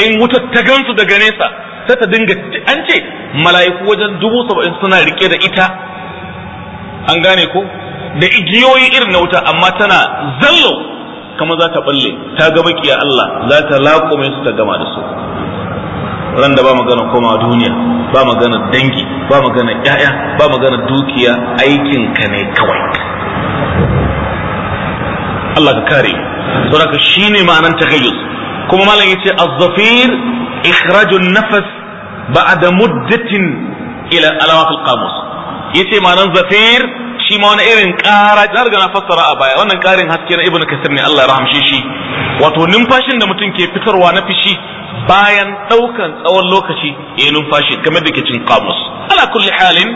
Speaker 1: in wuta ta gansu daga nesa sai ta dinga an ce mala'iku wajen dubu saba'in suna rike da ita an gane ko da igiyoyi irin na wuta amma tana zallo kama za ta balle ta ga makiya Allah za ta laƙume su ta gama da su ran da ba magana koma duniya ba magana dangi ba magana ƴaƴa ba magana dukiya aikin ka ne kawai Allah ka kare saboda shine ma'anar taghayyuz kuma malam yace az-zafir ikhrajun nafas ba'da muddatin ila alawat al-qamus yace ma'anar zafir shi ma wani irin ƙara na riga na fassara a baya wannan ƙarin haske na ibnu kasir ne Allah ya rahamshe shi wato numfashin da mutum ke fitarwa na fishi bayan ɗaukan tsawon lokaci ya numfashi kamar da ke cin kamus ala kulli halin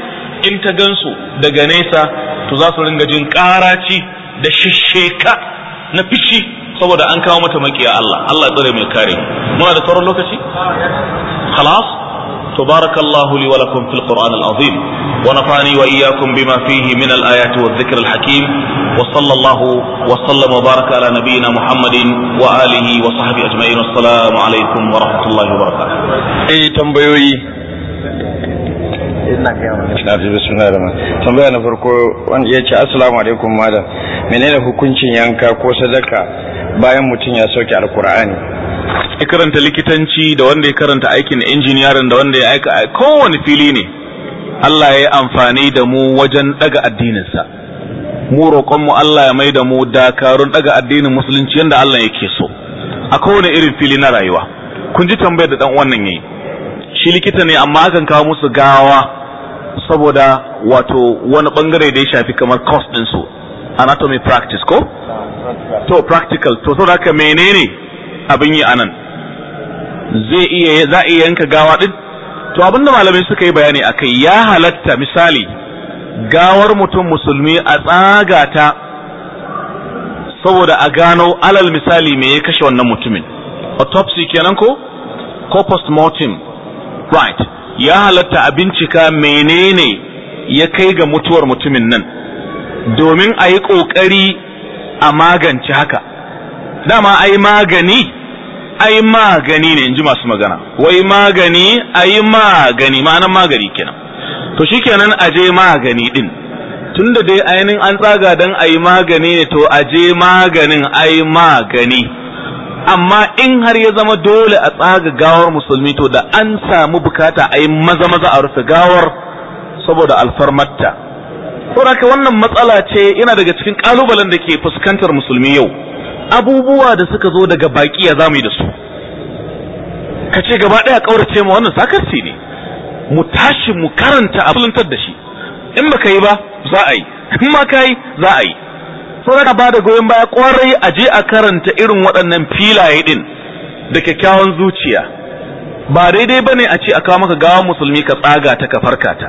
Speaker 1: in ta gansu daga nesa to za su ringa jin ƙaraci da shisheka na fishi saboda an kawo mata makiya Allah Allah ya tsare mai kare muna da sauran lokaci خلاص تبارك الله لي ولكم في القرآن العظيم ونفعني وإياكم بما فيه من الآيات والذكر الحكيم وصلى الله وسلم وبارك على نبينا محمد وآله وصحبه أجمعين والسلام عليكم ورحمة الله وبركاته أي تنبيوي
Speaker 3: na fi bismillah da tambaya na farko wanda ya ce assalamu alaikum malam menene hukuncin yanka ko sadaka bayan mutum ya sauke alkur'ani
Speaker 1: ya karanta likitanci da wanda ya karanta aikin injiniyarin da wanda ya aika a kowane fili ne Allah ya yi amfani da mu wajen daga addininsa mu roƙonmu Allah ya mai da mu dakarun daga addinin musulunci yadda Allah yake so a kowane irin fili na rayuwa kun ji tambayar da dan wannan yi. shi likita ne amma akan kawo musu gawa saboda wato wani ɓangare da ya shafi kamar cost din su anatomy practice ko to practical to saboda haka menene abin yi anan zai iya za iya yanka gawa din to abinda malamai suka yi bayani akai ya halatta misali gawar mutum musulmi a tsagata saboda a gano alal misali me ya kashe wannan mutumin autopsy kenan ko ko postmortem right ya halatta a bincika menene ya kai ga mutuwar mutumin nan domin a yi ƙoƙari a magance haka dama yi magani a yi magani ne in ji masu magana wai magani a yi magani ma'anan magani kenan to kenan a je magani din tunda dai ainihin an tsaga don a yi magani ne to a je maganin a yi magani amma in har ya zama dole a tsaga gawar musulmi to da an samu bukata a yi maza maza a rufe gawar saboda alfarmarta saboda wannan matsala ce yana daga cikin kalubalen da ke fuskantar musulmi yau abubuwa da suka zo daga baki ya zamu yi da su ka ce gaba daya kaurace ma wannan sakarci ne mu tashi mu karanta a da shi in baka yi ba za a yi in ma ka yi za a yi saboda ba da goyon baya kwarai a je a karanta irin waɗannan filaye ɗin da kyakkyawan zuciya ba daidai bane a ce a kawo maka gawa musulmi ka tsaga ta ka farka ta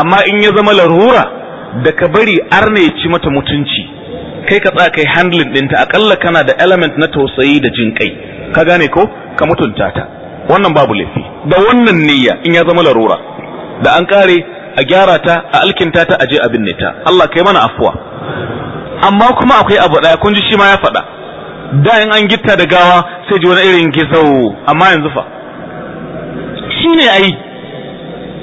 Speaker 1: amma in ya zama larura da ka bari arna ya ci mata mutunci kai ka tsaka kai handling dinta akalla kana da element na tausayi da jin kai ka gane ko ka mutunta ta wannan babu laifi da wannan niyya in ya zama larura da an kare a gyara ta a alkinta ta a je abin ne ta Allah kai mana afuwa amma kuma akwai abu daya kun ji shi ma ya faɗa da in an gitta da gawa sai ji wani irin gizo. amma yanzu fa shine ai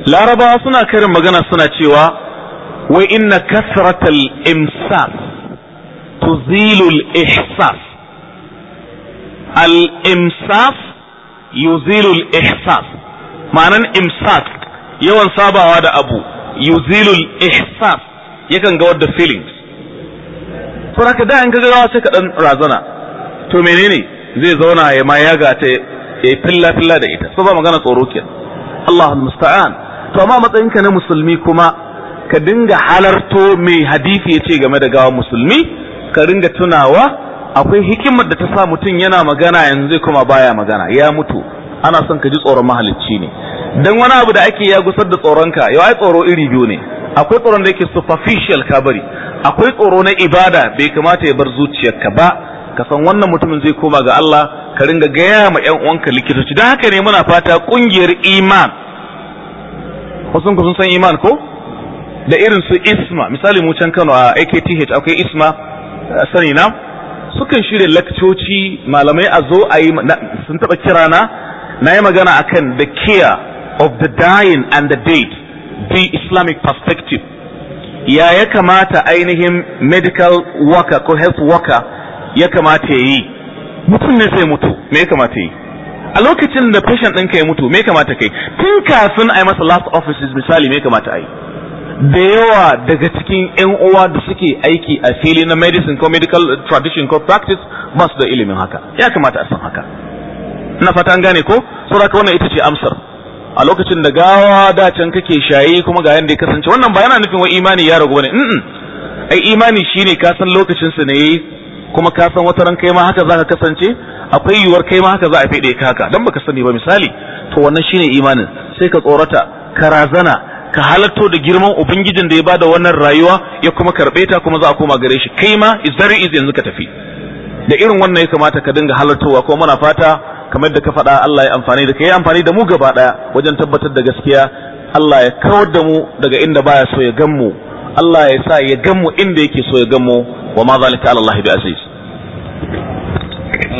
Speaker 1: larabawa suna karin magana suna cewa wai inna kasratal imsas tuzilul ihsas al imsas yuzilul ihsas ma'anan imsas yawan sabawa da abu yuzilul ihsas yakan ga wadda feelings to haka da an gaggawa sai ka dan razana to menene zai zauna ya ma yaga ta ya filla filla da ita so ba magana tsoro kenan Allahul musta'an to amma matsayinka na musulmi kuma ka dinga halarto mai hadisi ya ce game da gawa musulmi ka dinga tunawa akwai hikimar da ta sa mutum yana magana yanzu kuma baya magana ya mutu ana son ka ji tsoron mahalicci ne dan wani abu da ake ya gusar da tsoronka yau ai tsoro iri biyu ne akwai tsoron da yake superficial ka bari akwai tsoro na ibada bai kamata ya bar zuciyarka ba ka san wannan mutumin zai koma ga Allah ka ringa gaya ma yan uwanka likitoci dan haka ne muna fata kungiyar iman ku sun san iman ko da irin su isma misali mu can Kano a AKTH akwai isma sani na sukan shirya lakcoci malamai a zo a yi sun taɓa kira na na yi magana akan the care of the dying and the dead the islamic perspective ya ya kamata ainihin medical worker ko health worker ya kamata ya yi mutum ne sai mutu me ya kamata yi a lokacin da patient ɗinka ya mutu me ya kamata kai tun kafin a yi masa last offices misali me ya kamata a yi da yawa daga cikin 'yan uwa da suke aiki a fili na medicine ko medical tradition ko practice ba da ilimin haka ya kamata a san haka na fatan gane ko saboda wannan ita ce amsar a lokacin da gawa da can kake shayi kuma ga yadda ya kasance wannan ba yana nufin wa imani ya ragu bane mm ai imani shine ka san lokacin su ne kuma ka san wata kai ma haka zaka kasance akwai yiwuwar kai ma haka za a fide ka haka dan baka sani ba misali to wannan shine imanin sai ka tsorata ka razana ka halatto da girman ubangijin da ya bada wannan rayuwa ya kuma karbe ta kuma za a koma gare shi kai ma is very easy yanzu ka tafi da irin wannan ya kamata ka dinga halartowa kuma muna fata kamar da ka faɗa Allah ya amfani da ka yi amfani da mu gaba ɗaya wajen tabbatar da gaskiya Allah ya kawar da mu daga inda baya so ya gan mu Allah ya sa ya gan mu inda yake so ya gan mu wa ma zalika ala Allah bi aziz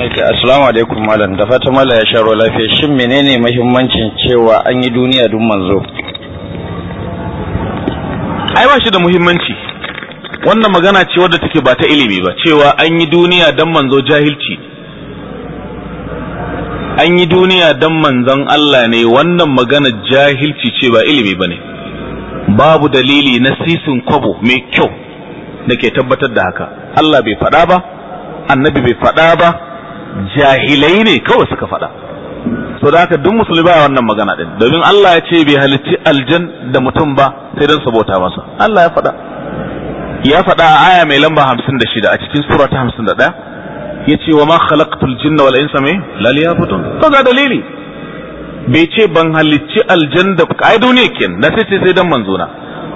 Speaker 3: assalamu alaikum malam da Fatima malam ya sharo lafiya shin menene muhimmancin
Speaker 1: cewa an yi duniya dun manzo ai ba shi da muhimmanci wannan magana ce wadda take ba ta ilimi ba cewa an yi duniya dan manzo jahilci an yi duniya dan manzon Allah ne wannan magana jahilci ce ba ilimi ba ne babu dalili na sisin kwabo mai kyau da ke tabbatar da haka Allah bai faɗa ba annabi bai faɗa ba jahilai ne kawai suka faɗa so da haka duk musulmi ba wannan magana din domin Allah ya ce bai halicci aljan da mutum ba sai don su bauta masa Allah ya faɗa ya faɗa a aya mai lamba hamsin da shida a cikin sura ta hamsin da ɗaya ya ce wa ma khalaqtul jinna wal insa mai? la laliyabudun to ga dalili bai ce ban halicci aljan da ai duniya kin na sai sai dan manzona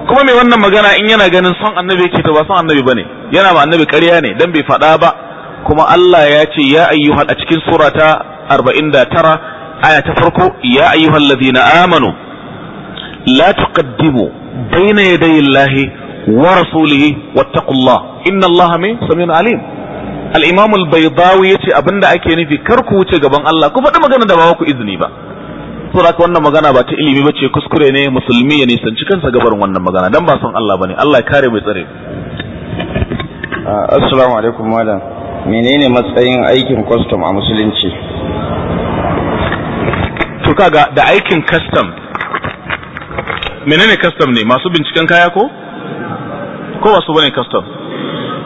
Speaker 1: kuma mai wannan magana in yana ganin son annabi yake to ba son annabi bane yana ma annabi ƙarya ne dan bai faɗa ba kuma Allah ya ce ya ayyuhal a cikin surata da tara aya ta farko ya ayyuhal ladina amanu la tuqaddimu bayna yaday llahi wa rasulihi wattaqullah inna allaha min samiun alim al-imam al-baydawi yace abinda ake nufi kar ku wuce gaban Allah ku faɗi magana da ba ku izini ba saboda wannan magana ba ta ilimi bace kuskure ne musulmi ya nisanci kansa gabar wannan magana dan ba son Allah bane Allah ya kare mai tsare
Speaker 3: assalamu alaikum malam menene matsayin
Speaker 1: aikin custom a musulunci to kaga da aikin custom menene custom ne masu binciken kaya ko ko ba su bane custom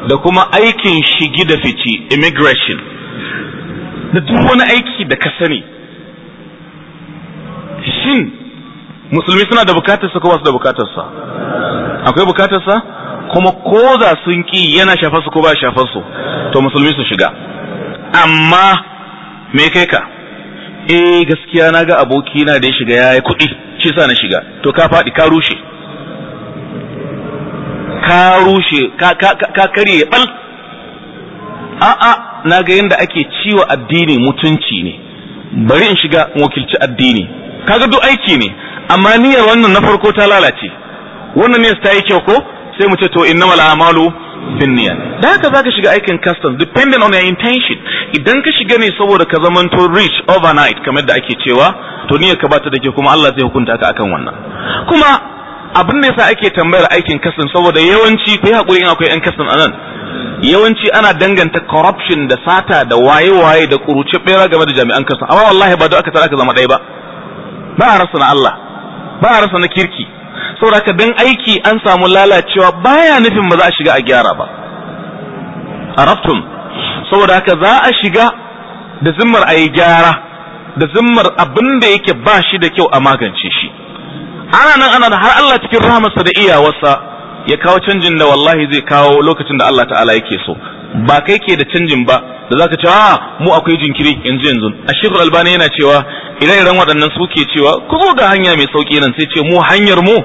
Speaker 1: da kuma aikin shigi da fici immigration da duk wani aiki da ka sani shin musulmi suna da bukatarsa ko wasu su da bukatarsa akwai bukatarsa kuma ko za sun ki yana shafar su ko ba shafar su to musulmi su shiga amma me kai ka eh gaskiya na ga aboki na da ya shiga yayi kuɗi shi sa na shiga to ka faɗi ka rushe ka rushe ka ka ka karye bal a a na ga yanda ake ciwo addini mutunci ne bari in shiga wakilci addini kaga duk aiki ne amma niyyar wannan na farko ta lalace wannan ne ta yi kyau ko sai mu ce to innamal a'malu binniyat da haka zaka shiga aikin customs depending on your intention idan ka shiga ne saboda ka to rich overnight kamar da ake cewa to niyyar ka bata da ke kuma Allah zai hukunta ka akan wannan kuma abin da yasa ake tambayar aikin customs saboda yawanci kai hakuri in akwai ɗan customs anan yawanci ana danganta corruption da sata da waye-waye da kuruce bera game da jami'an kasa amma wallahi ba da aka tara aka zama ɗaya ba ba a rasa na Allah ba a rasa na kirki sauraka dan aiki an samu lalacewa baya nufin ba za a shiga a gyara ba arabtum saboda haka za a shiga da zimmar a yi gyara da zimmar abin da yake ba shi da kyau a magance shi ana nan ana har Allah cikin rahamarsa da iyawarsa ya kawo canjin da wallahi zai kawo lokacin da Allah ta'ala yake so ba kai ke da canjin ba da zaka ce a ah, mu akwai jinkiri yanzu yanzu a shekaru albani yana cewa ire-iren waɗannan suke cewa ku zo ga hanya mai sauƙi nan sai ce mu hanyar mu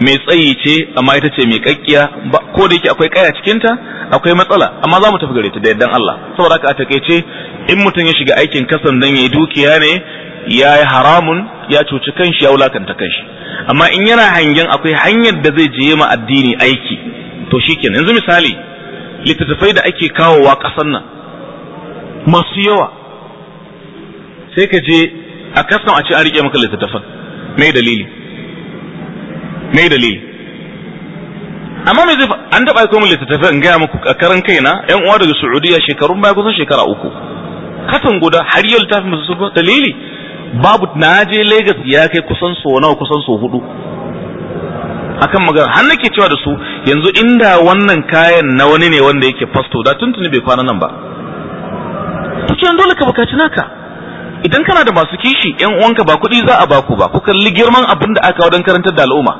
Speaker 1: mai tsayi ce amma ita ce mai kakkiya ko da yake akwai kaya cikin ta akwai matsala amma za mu tafi gare ta da yardan Allah saboda haka a takeice in mutum ya shiga aikin kasan dan yayi dukiya ne ya haramun ya cuci kanshi ya wulakanta kanshi amma in yana hangen akwai hanyar da zai je ma addini aiki to shikenan yanzu misali littattafai da ake kawowa kasan nan masu yawa sai ka je a kasan a ce an rike maka littattafan mai dalili me dalili amma me zai an daba ko mun littattafai in gaya muku a karan kaina yan uwa daga Saudiya shekarun baya kusan shekara uku katon guda har yau littafin musu su dalili babu na je Lagos ya kai kusan so nawa kusan so hudu akan magana har nake cewa da su yanzu inda wannan kayan na wani ne wanda yake fasto da tuntuni bai kwana nan ba to kenan dole ka bukaci naka idan kana da masu kishi yan uwanka ba kuɗi za a baku ba ku kalli girman abin da aka wadan karantar da al'umma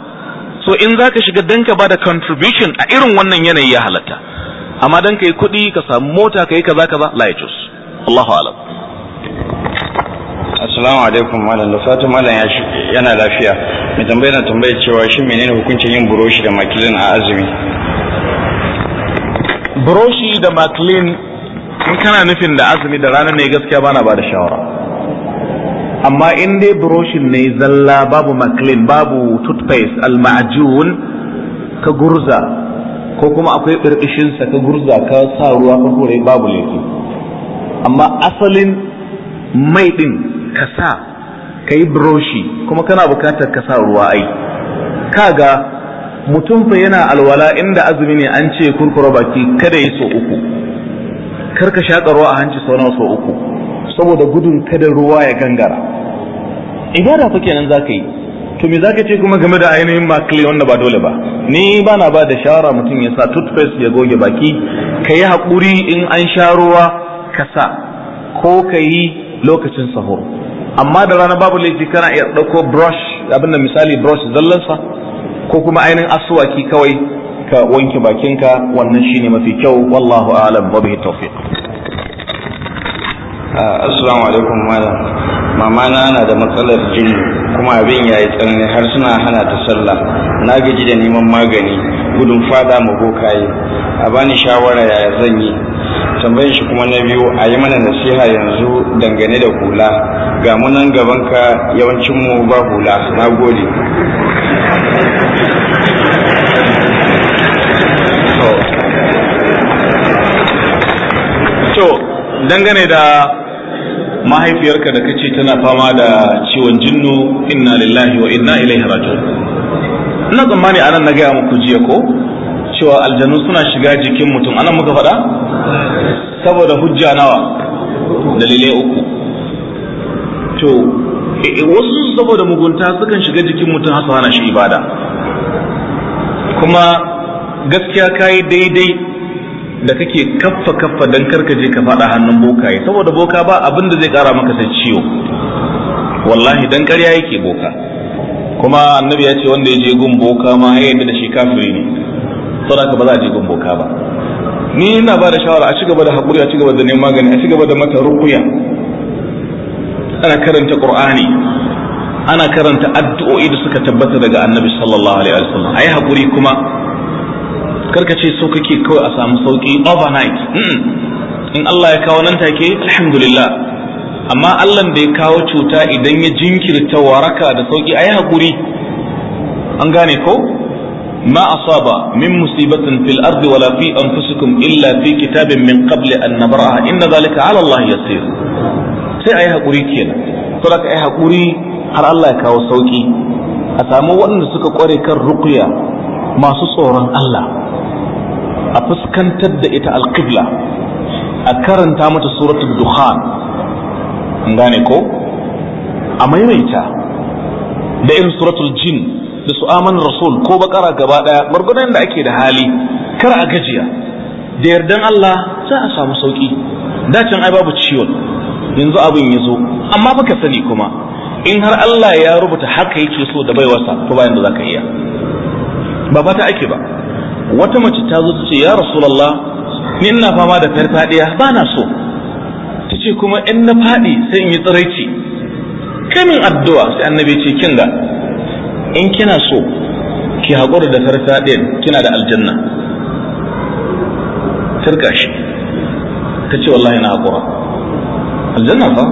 Speaker 1: so in za ka shiga dan ka ba da contribution a irin wannan yanayi ya halatta amma dan ka yi kuɗi ka samu mota ka yi kaza kaza la ya cus Allahu alam
Speaker 3: assalamu alaikum malam da fatu malam yana lafiya mai tambaya na tambayar cewa shi menene hukuncin yin buroshi da maklin a azumi
Speaker 1: buroshi da maklin in kana nufin da azumi da ranar ne gaskiya bana ba da shawara amma in dai buroshin ne zalla babu maklin, babu toothpaste almajun ka gurza ko kuma akwai birkishinsa ka gurza ka sa ruwa ka kore babu laifi amma asalin mai din ka sa ka yi buroshi kuma kana bukatar ka sa ruwa ai kaga mutum fa yana alwala inda azumi ne an ce kurkura baki kada yi so uku karka shaƙa ruwa a hanci sau nawa so uku saboda gudun kada ruwa ya gangara ibada fa kenan zaka yi to me zaka ce kuma game da ainihin makli wanda ba dole ba ni ba na ba da shawara mutum ya sa toothpaste ya goge baki ka yi haƙuri in an sha ruwa ka sa ko ka yi lokacin sahur amma da rana babu laifi kana iya ɗauko brush abin da misali brush zallansa ko kuma ainihin asuwaki kawai ka wanke bakinka wannan shine mafi kyau wallahu a'lam wa bihi tawfiq
Speaker 3: Ah, assalamu alaikum malam mama na na da matsalar jini kuma abin ya yi tsanani har suna hana ta sallah na gaji da neman magani gudun fada mu bokaye a bani shawara yaya zan yi tambayin shi kuma na biyu a yi mana nasiha yanzu dangane da hula ga munan gabanka mu ba hula na gode
Speaker 1: to dangane da mahaifiyarka da kace tana fama da ciwon jinnu inna lillahi wa inna ilaihi raji'un ina tsammani anan na gaya muku jiya ko cewa aljanu suna shiga jikin mutum anan muka faɗa saboda hujja nawa dalilai uku to e, e, wasu saboda mugunta sukan shiga jikin mutum har hana shi ibada kuma gaskiya kai daidai da kake kaffa kaffa dan karka je ka fada hannun boka yi saboda boka ba abin da zai kara maka sai ciwo wallahi dan ƙarya yake boka kuma annabi ya ce wanda ya je gun boka ma ya yadda da shi kafiri ne saboda ba za a je gun boka ba ni ina ba da shawara a ci gaba da hakuri a ci gaba da neman magani a ci gaba da mata rukuya ana karanta qur'ani ana karanta addu'o'i da suka tabbata daga annabi sallallahu alaihi wasallam ayi hakuri kuma karka ce so kake kawai a samu sauki overnight hmm. in Allah ya kawo nan take alhamdulillah amma Allah da kawo cuta idan ya jinkirta waraka da sauki ayi hakuri an gane ko ma asaba min musibatin fil ardi wala fi anfusikum illa fi kitabin min qabl an nabraha inna zalika ala Allah yasir sai ayi hakuri kenan to da ayi hakuri har Allah ya kawo sauki a samu waɗanda suka kware kan ruqya masu tsoron Allah a fuskantar da ita alqibla a karanta mata suratul dukhan gane ko a maimaita da irin suratul jin da su aman rasul ko bakara gaba daya gwargwadon da ake da hali kar a gajiya da yardan Allah za a samu sauki dacin ai babu ciwon yanzu abin ya zo amma baka sani kuma in har Allah ya rubuta haka yake so da baiwarsa to bayan da ka iya ba fata ake ba wata mace ta zo ta ce ya rasulullah ni ina fama da farfadiya ba na so ta ce kuma in na fadi sai in yi tsiraici kamin addu'a sai annabi ce kin ga in kina so ki haƙura da farfadiyar kina da aljanna tarka shi ta ce wallahi na haƙura aljanna fa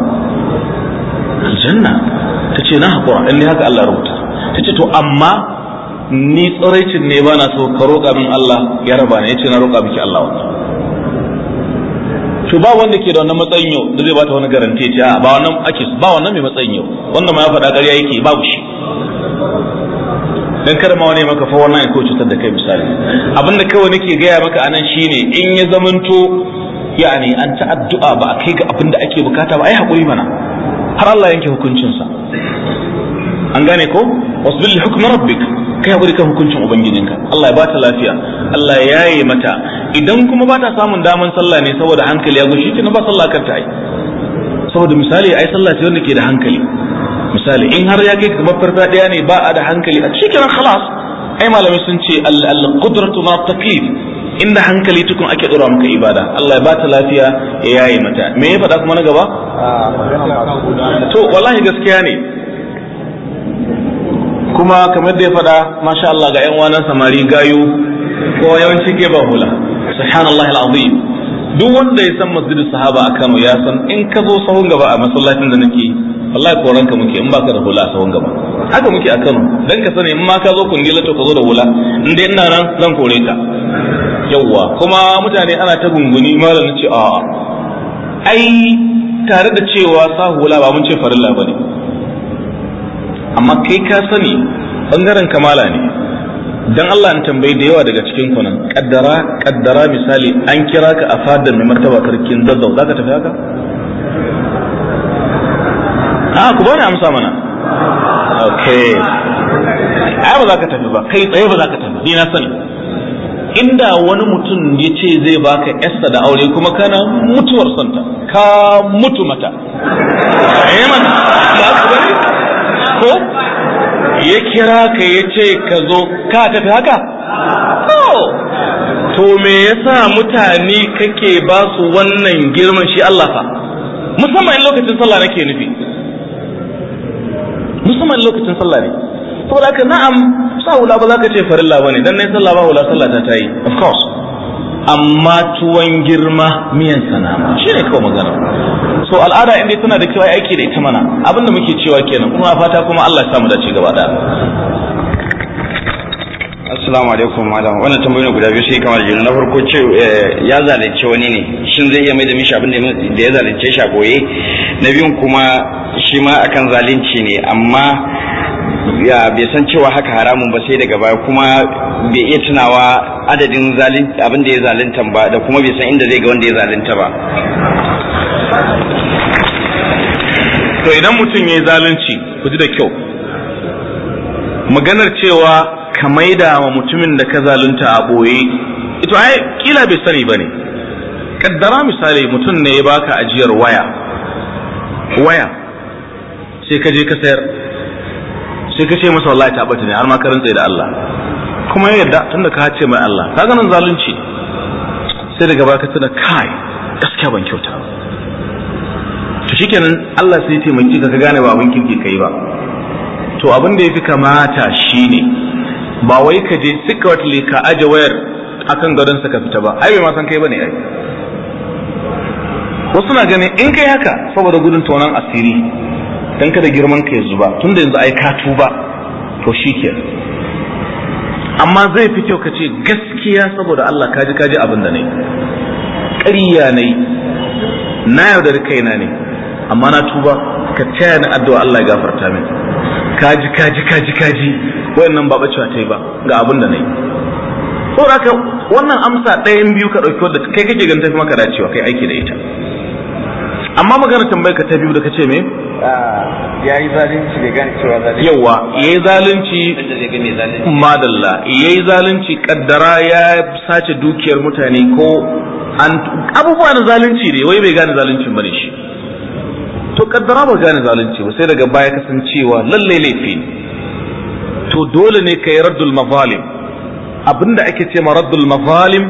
Speaker 1: aljanna ta ce na haƙura in haka Allah rubuta ta ce to amma ni tsoraicin ne ba na so ka roƙa min Allah ya raba ne yace na roƙa miki Allah to ba wanda ke da wannan matsayin yau da zai bata wani garanti ce ba wannan ake ba wannan mai matsayin yau wanda ma ya faɗa ƙarya yake ba shi dan kar ma wani maka fa wannan ko cutar da kai misali abinda kawai nake gaya maka anan shine in ya zamanto yani an ta addu'a ba a kai ga abinda ake bukata ba ai hakuri mana har Allah yanke hukuncinsa an gane ko wasbil hukm rabbik kai hakuri kan hukuncin ubangijinka Allah ya bata lafiya Allah ya yaye mata idan kuma bata samun daman sallah ne saboda hankali ya gushi kina ba sallah ta. yi saboda misali ai sallah ce wanda ke da hankali misali in har ya kai kamar daya ne ba a da hankali a cikin khalas ai malamai sun ce al-qudratu ma taqif inda hankali tukun ake dora maka ibada Allah ya bata lafiya ya yaye mata me ya faɗa kuma na gaba ah, to wallahi gaskiya ne kuma kamar da ya faɗa masha Allah ga yan wanan samari gayu ko yawanci ke ba hula subhanallah alazim duk wanda ya san masjidin sahaba a Kano ya san in ka zo sahun gaba a masallacin da nake wallahi koran ka muke in baka da hula a sahun gaba haka muke a Kano dan ka sani in ma ka zo kungila to ka zo da hula in dai ina nan zan kore ka yawwa kuma mutane ana ta gunguni malam ce a ai tare da cewa sa hula ba mun ce farilla bane amma kai ka sani bangaren kamala ne dan Allah an tambayi da yawa daga cikin ku nan kaddara kaddara misali an kira ka a fadar mai martaba sarkin zazzau zaka tafi haka ah ku bani amsa mana okay ai ba za ka tafi ba kai tsaye ba za ka tafi ni na sani inda wani mutum ya ce zai baka yasta da aure kuma kana mutuwar santa ka mutu mata eh ba ku bani ko ya kira ka ya ce ka zo ka tafi haka oh! to me yasa mutane kake ba su wannan girman shi Allah fa musamman lokacin sallah nake nufi musamman lokacin sallah ne saboda ka na'am sa hula ba za ka ce farilla bane dan nayi sallah ba hula sallah ta yi of course amma tuwon girma miyan sanama shi ne kawai magana so al'ada inda tana da kyau aiki da ita mana abinda muke cewa kenan kuma fata kuma Allah ya samu dace gaba da
Speaker 3: Assalamu alaikum madam wannan tambayoyin guda biyu sai kamar jini na farko ce eh, ya zalunce wani ne shin zai iya mai da mishi abin da ya zalunce shi a boye na biyun kuma shi ma akan zalunci ne amma ya bai san cewa haka haramun ba sai daga baya kuma bai iya tunawa adadin abin da ya zalunta ba da kuma bai san inda zai ga wanda ya zalunta ba
Speaker 1: to idan mutum ya yi zalunci ku ji da kyau maganar cewa ka maida wa mutumin da ka zalunta a ɓoye ito ai kila bai sani ba ne kaddara misali mutum ne ya baka ajiyar waya waya sai ka je ka sayar sai ka ce masa wallahi ta bata ne har ma ka rantsa da Allah kuma ya yarda tunda ka ce mai Allah ka ganin zalunci sai daga baka tuna kai gaskiya ban kyauta to shikenan Allah sai ya taimaki ka gane ba abin kirki kai ba to abin da yafi kamata shine ba wai ka je secretly ka aje wayar akan gadon sa ka fita ba ai bai ma san kai bane ai wasu na ganin in kai haka saboda gudun tonon asiri dan kada girman ka ya zuba tunda yanzu ai ka tuba to shikenan amma zai fi kyau ka ce gaskiya saboda Allah kaji kaji abin da ne ƙarya ne na da kaina ne amma na tuba ka taya ni addu'a Allah ya gafarta min kaji kaji kaji kaji wayannan ba bacewa ta yi ba ga abin da na saboda saboda wannan amsa ɗayan biyu ka ɗauki wadda kai kake ganin tafi maka dacewa kai aiki da ita amma magana tambayar ka ta biyu da ka ce me
Speaker 3: ah, ya yi zalunci da
Speaker 1: gane cewa zalunci yawa ya yi zalunci madalla ya yi zalunci kaddara ya sace dukiyar mutane ko an abubuwa na zalunci ne wai bai gane zaluncin bane shi to kaddara ba gane zalunci ba sai daga baya kasancewa lallai laifi to dole ne ka yi raddul mazalim abinda ake ce ma raddul mazalim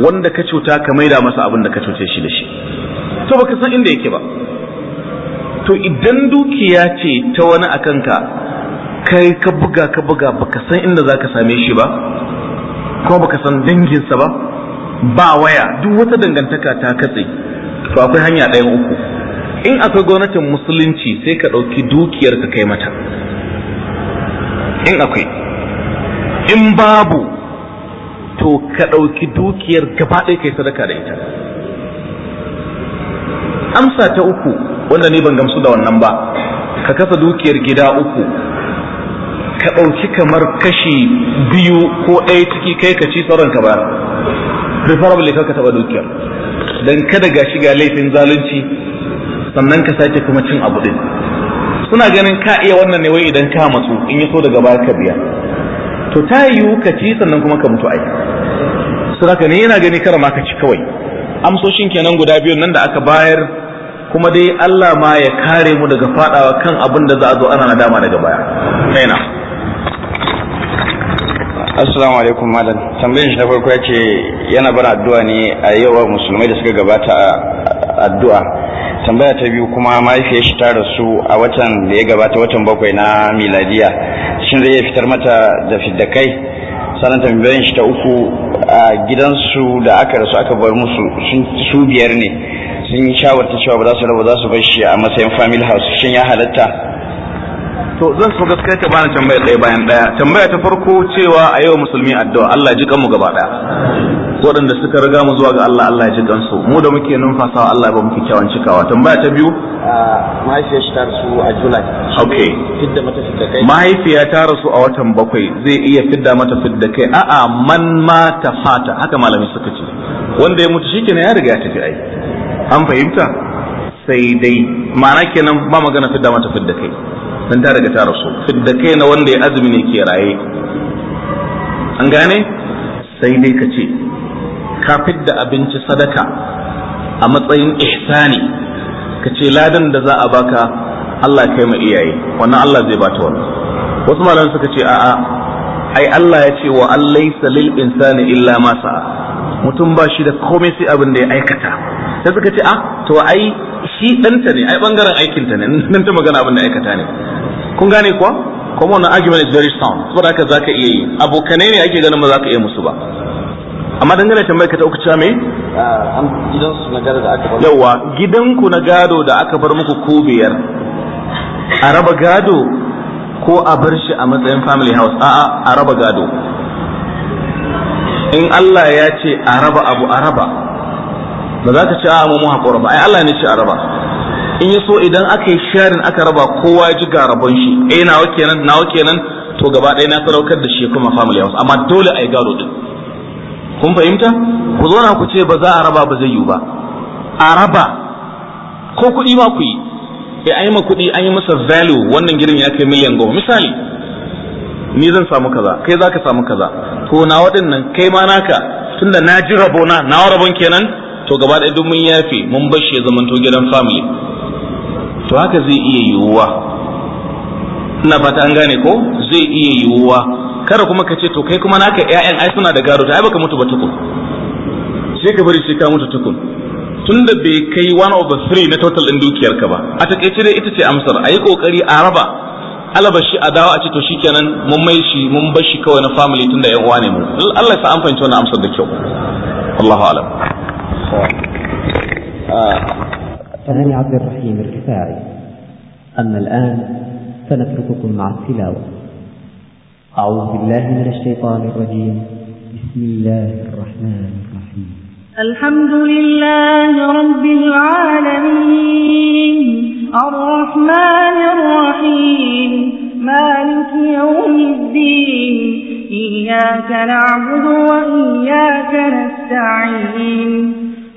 Speaker 1: wanda ka cuta ka maida masa abinda ka cuce shi da shi to baka san inda yake ba to idan dukiya ce ta wani a ka, kai ka buga ka buga baka san inda zaka same shi ba kuma baka san danginsa ba ba waya duk wata dangantaka ta katse to akwai hanya ɗayan uku in akwai gwamnatin musulunci sai ka ɗauki dukiyar ka kai mata in akwai in babu to ka ɗauki dukiyar gaba ɗaya kai sadaka da ita amsa ta uku wanda ni ban gamsu da wannan ba ka kasa dukiyar gida uku ka ɗauki kamar kashi biyu ko ɗaya ciki kai ka ci sauran ka ba preferably ka taɓa dukiyar don kada ga shiga laifin zalunci sannan ka sake kuma cin abu ɗin, suna ganin ka iya wannan ne wai idan ka matsu in ya so daga baya ka biya to ta yiwu ka ci sannan kuma ka mutu ai saboda ne yana gani kar ma ka ci kawai amsoshin kenan guda biyu nan da aka bayar kuma dai Allah ma ya kare mu daga fadawa kan abin da za a zo ana nadama daga baya kaina assalamu alaikum tambayin shi na farko ya ce
Speaker 3: yana bar addu'a ne a yawa musulmai da suka gabata addu'a tambaya ta biyu kuma mahaifiyar shi ta rasu a watan da ya gabata watan bakwai na miladiya shin zai fitar mata da fiddakai sanan tambayan shi ta uku a gidansu da aka rasu aka bar musu su biyar ne sun yi shawarta cewa ba za su raba za su bar shi a matsayin family house shin ya halatta
Speaker 1: to zan so gaskiya ta bani tambaya ɗaya bayan ɗaya tambaya ta farko cewa a yau musulmi addu'a Allah ji kanmu gaba ɗaya waɗanda suka riga mu zuwa ga Allah Allah ya ji kansu mu da muke numfasawa Allah ba muke kyawun cikawa tambaya ta biyu mahaifiyar ta rasu a July okay fidda mata fidda kai mahaifiya ta rasu a watan bakwai zai iya fidda mata fidda kai a'a man ma ta fata haka malami suka ce wanda ya mutu shikenan ya riga ya tafi ai an fahimta sai dai ma'ana kenan ba magana fidda mata fidda kai dan ta daga ta rasu fidda kai na wanda ya azumi ne ke raye an gane sai dai ka ce ka fidda abinci sadaka a matsayin ihsani ka ce ladan da za a baka Allah kai ma iyaye wannan Allah zai bata wannan wasu malamai suka ce a'a ai Allah ya ce wa allaysa lil insani illa ma sa'a mutum ba shi da komai sai abin da ya aikata sai suka ce a ah, to ai shi ɗanta ne ai bangaren aikinta ne nan ta magana abin da aikata ne kun gane kuwa kuma wannan argument is very sound saboda haka zaka iya yi abokanai ne ake ganin ba zaka iya musu ba amma dangane tambayar ka ta uku cewa me ah, gidansu na gado da aka bar yawa gidanku na gado da aka bar muku ko biyar a raba gado ko a bar shi a matsayin family house a'a a raba gado in Allah ya ce a raba abu a raba ba za ka ce a mu haƙura ba ai Allah ne ce a raba in ya so idan aka yi sharin aka raba kowa ya ji ga shi eh nawa kenan nawa kenan to gaba ɗaya na sadaukar da shi kuma family house amma dole a yi gado din kun fahimta ku zo na ku ce ba za a raba ba zai yiwu ba a raba ko kuɗi ma ku yi eh an yi ma kuɗi an yi masa value wannan gidan ya kai miliyan goma misali ni zan samu kaza kai za ka samu kaza to na nan kai ma naka tunda na ji rabona na rabon kenan to gaba ɗaya duk mun yafe mun bar shi ya zamanto gidan family to haka zai iya yiwuwa na fata an gane ko zai iya yiwuwa kada kuma ka ce to kai kuma naka ƴaƴan ai suna da gado ai baka mutu ba tukun sai ka bari sai ka mutu tukun tunda bai kai one of the three na total din dukiyarka ba a takaice dai ita ce amsar a yi kokari a raba alaba shi a dawo a ce to shikenan mun mai shi mun bar shi kawai na family tunda ƴan uwa ne mu Allah ya sa an fahimci wannan amsar da kyau Allahu a'lam
Speaker 2: الثاني عبد الرحيم الرفاعي أما الآن فنترككم مع التلاوة أعوذ بالله من الشيطان الرجيم بسم الله الرحمن الرحيم الحمد لله رب العالمين الرحمن الرحيم مالك يوم الدين إياك نعبد وإياك نستعين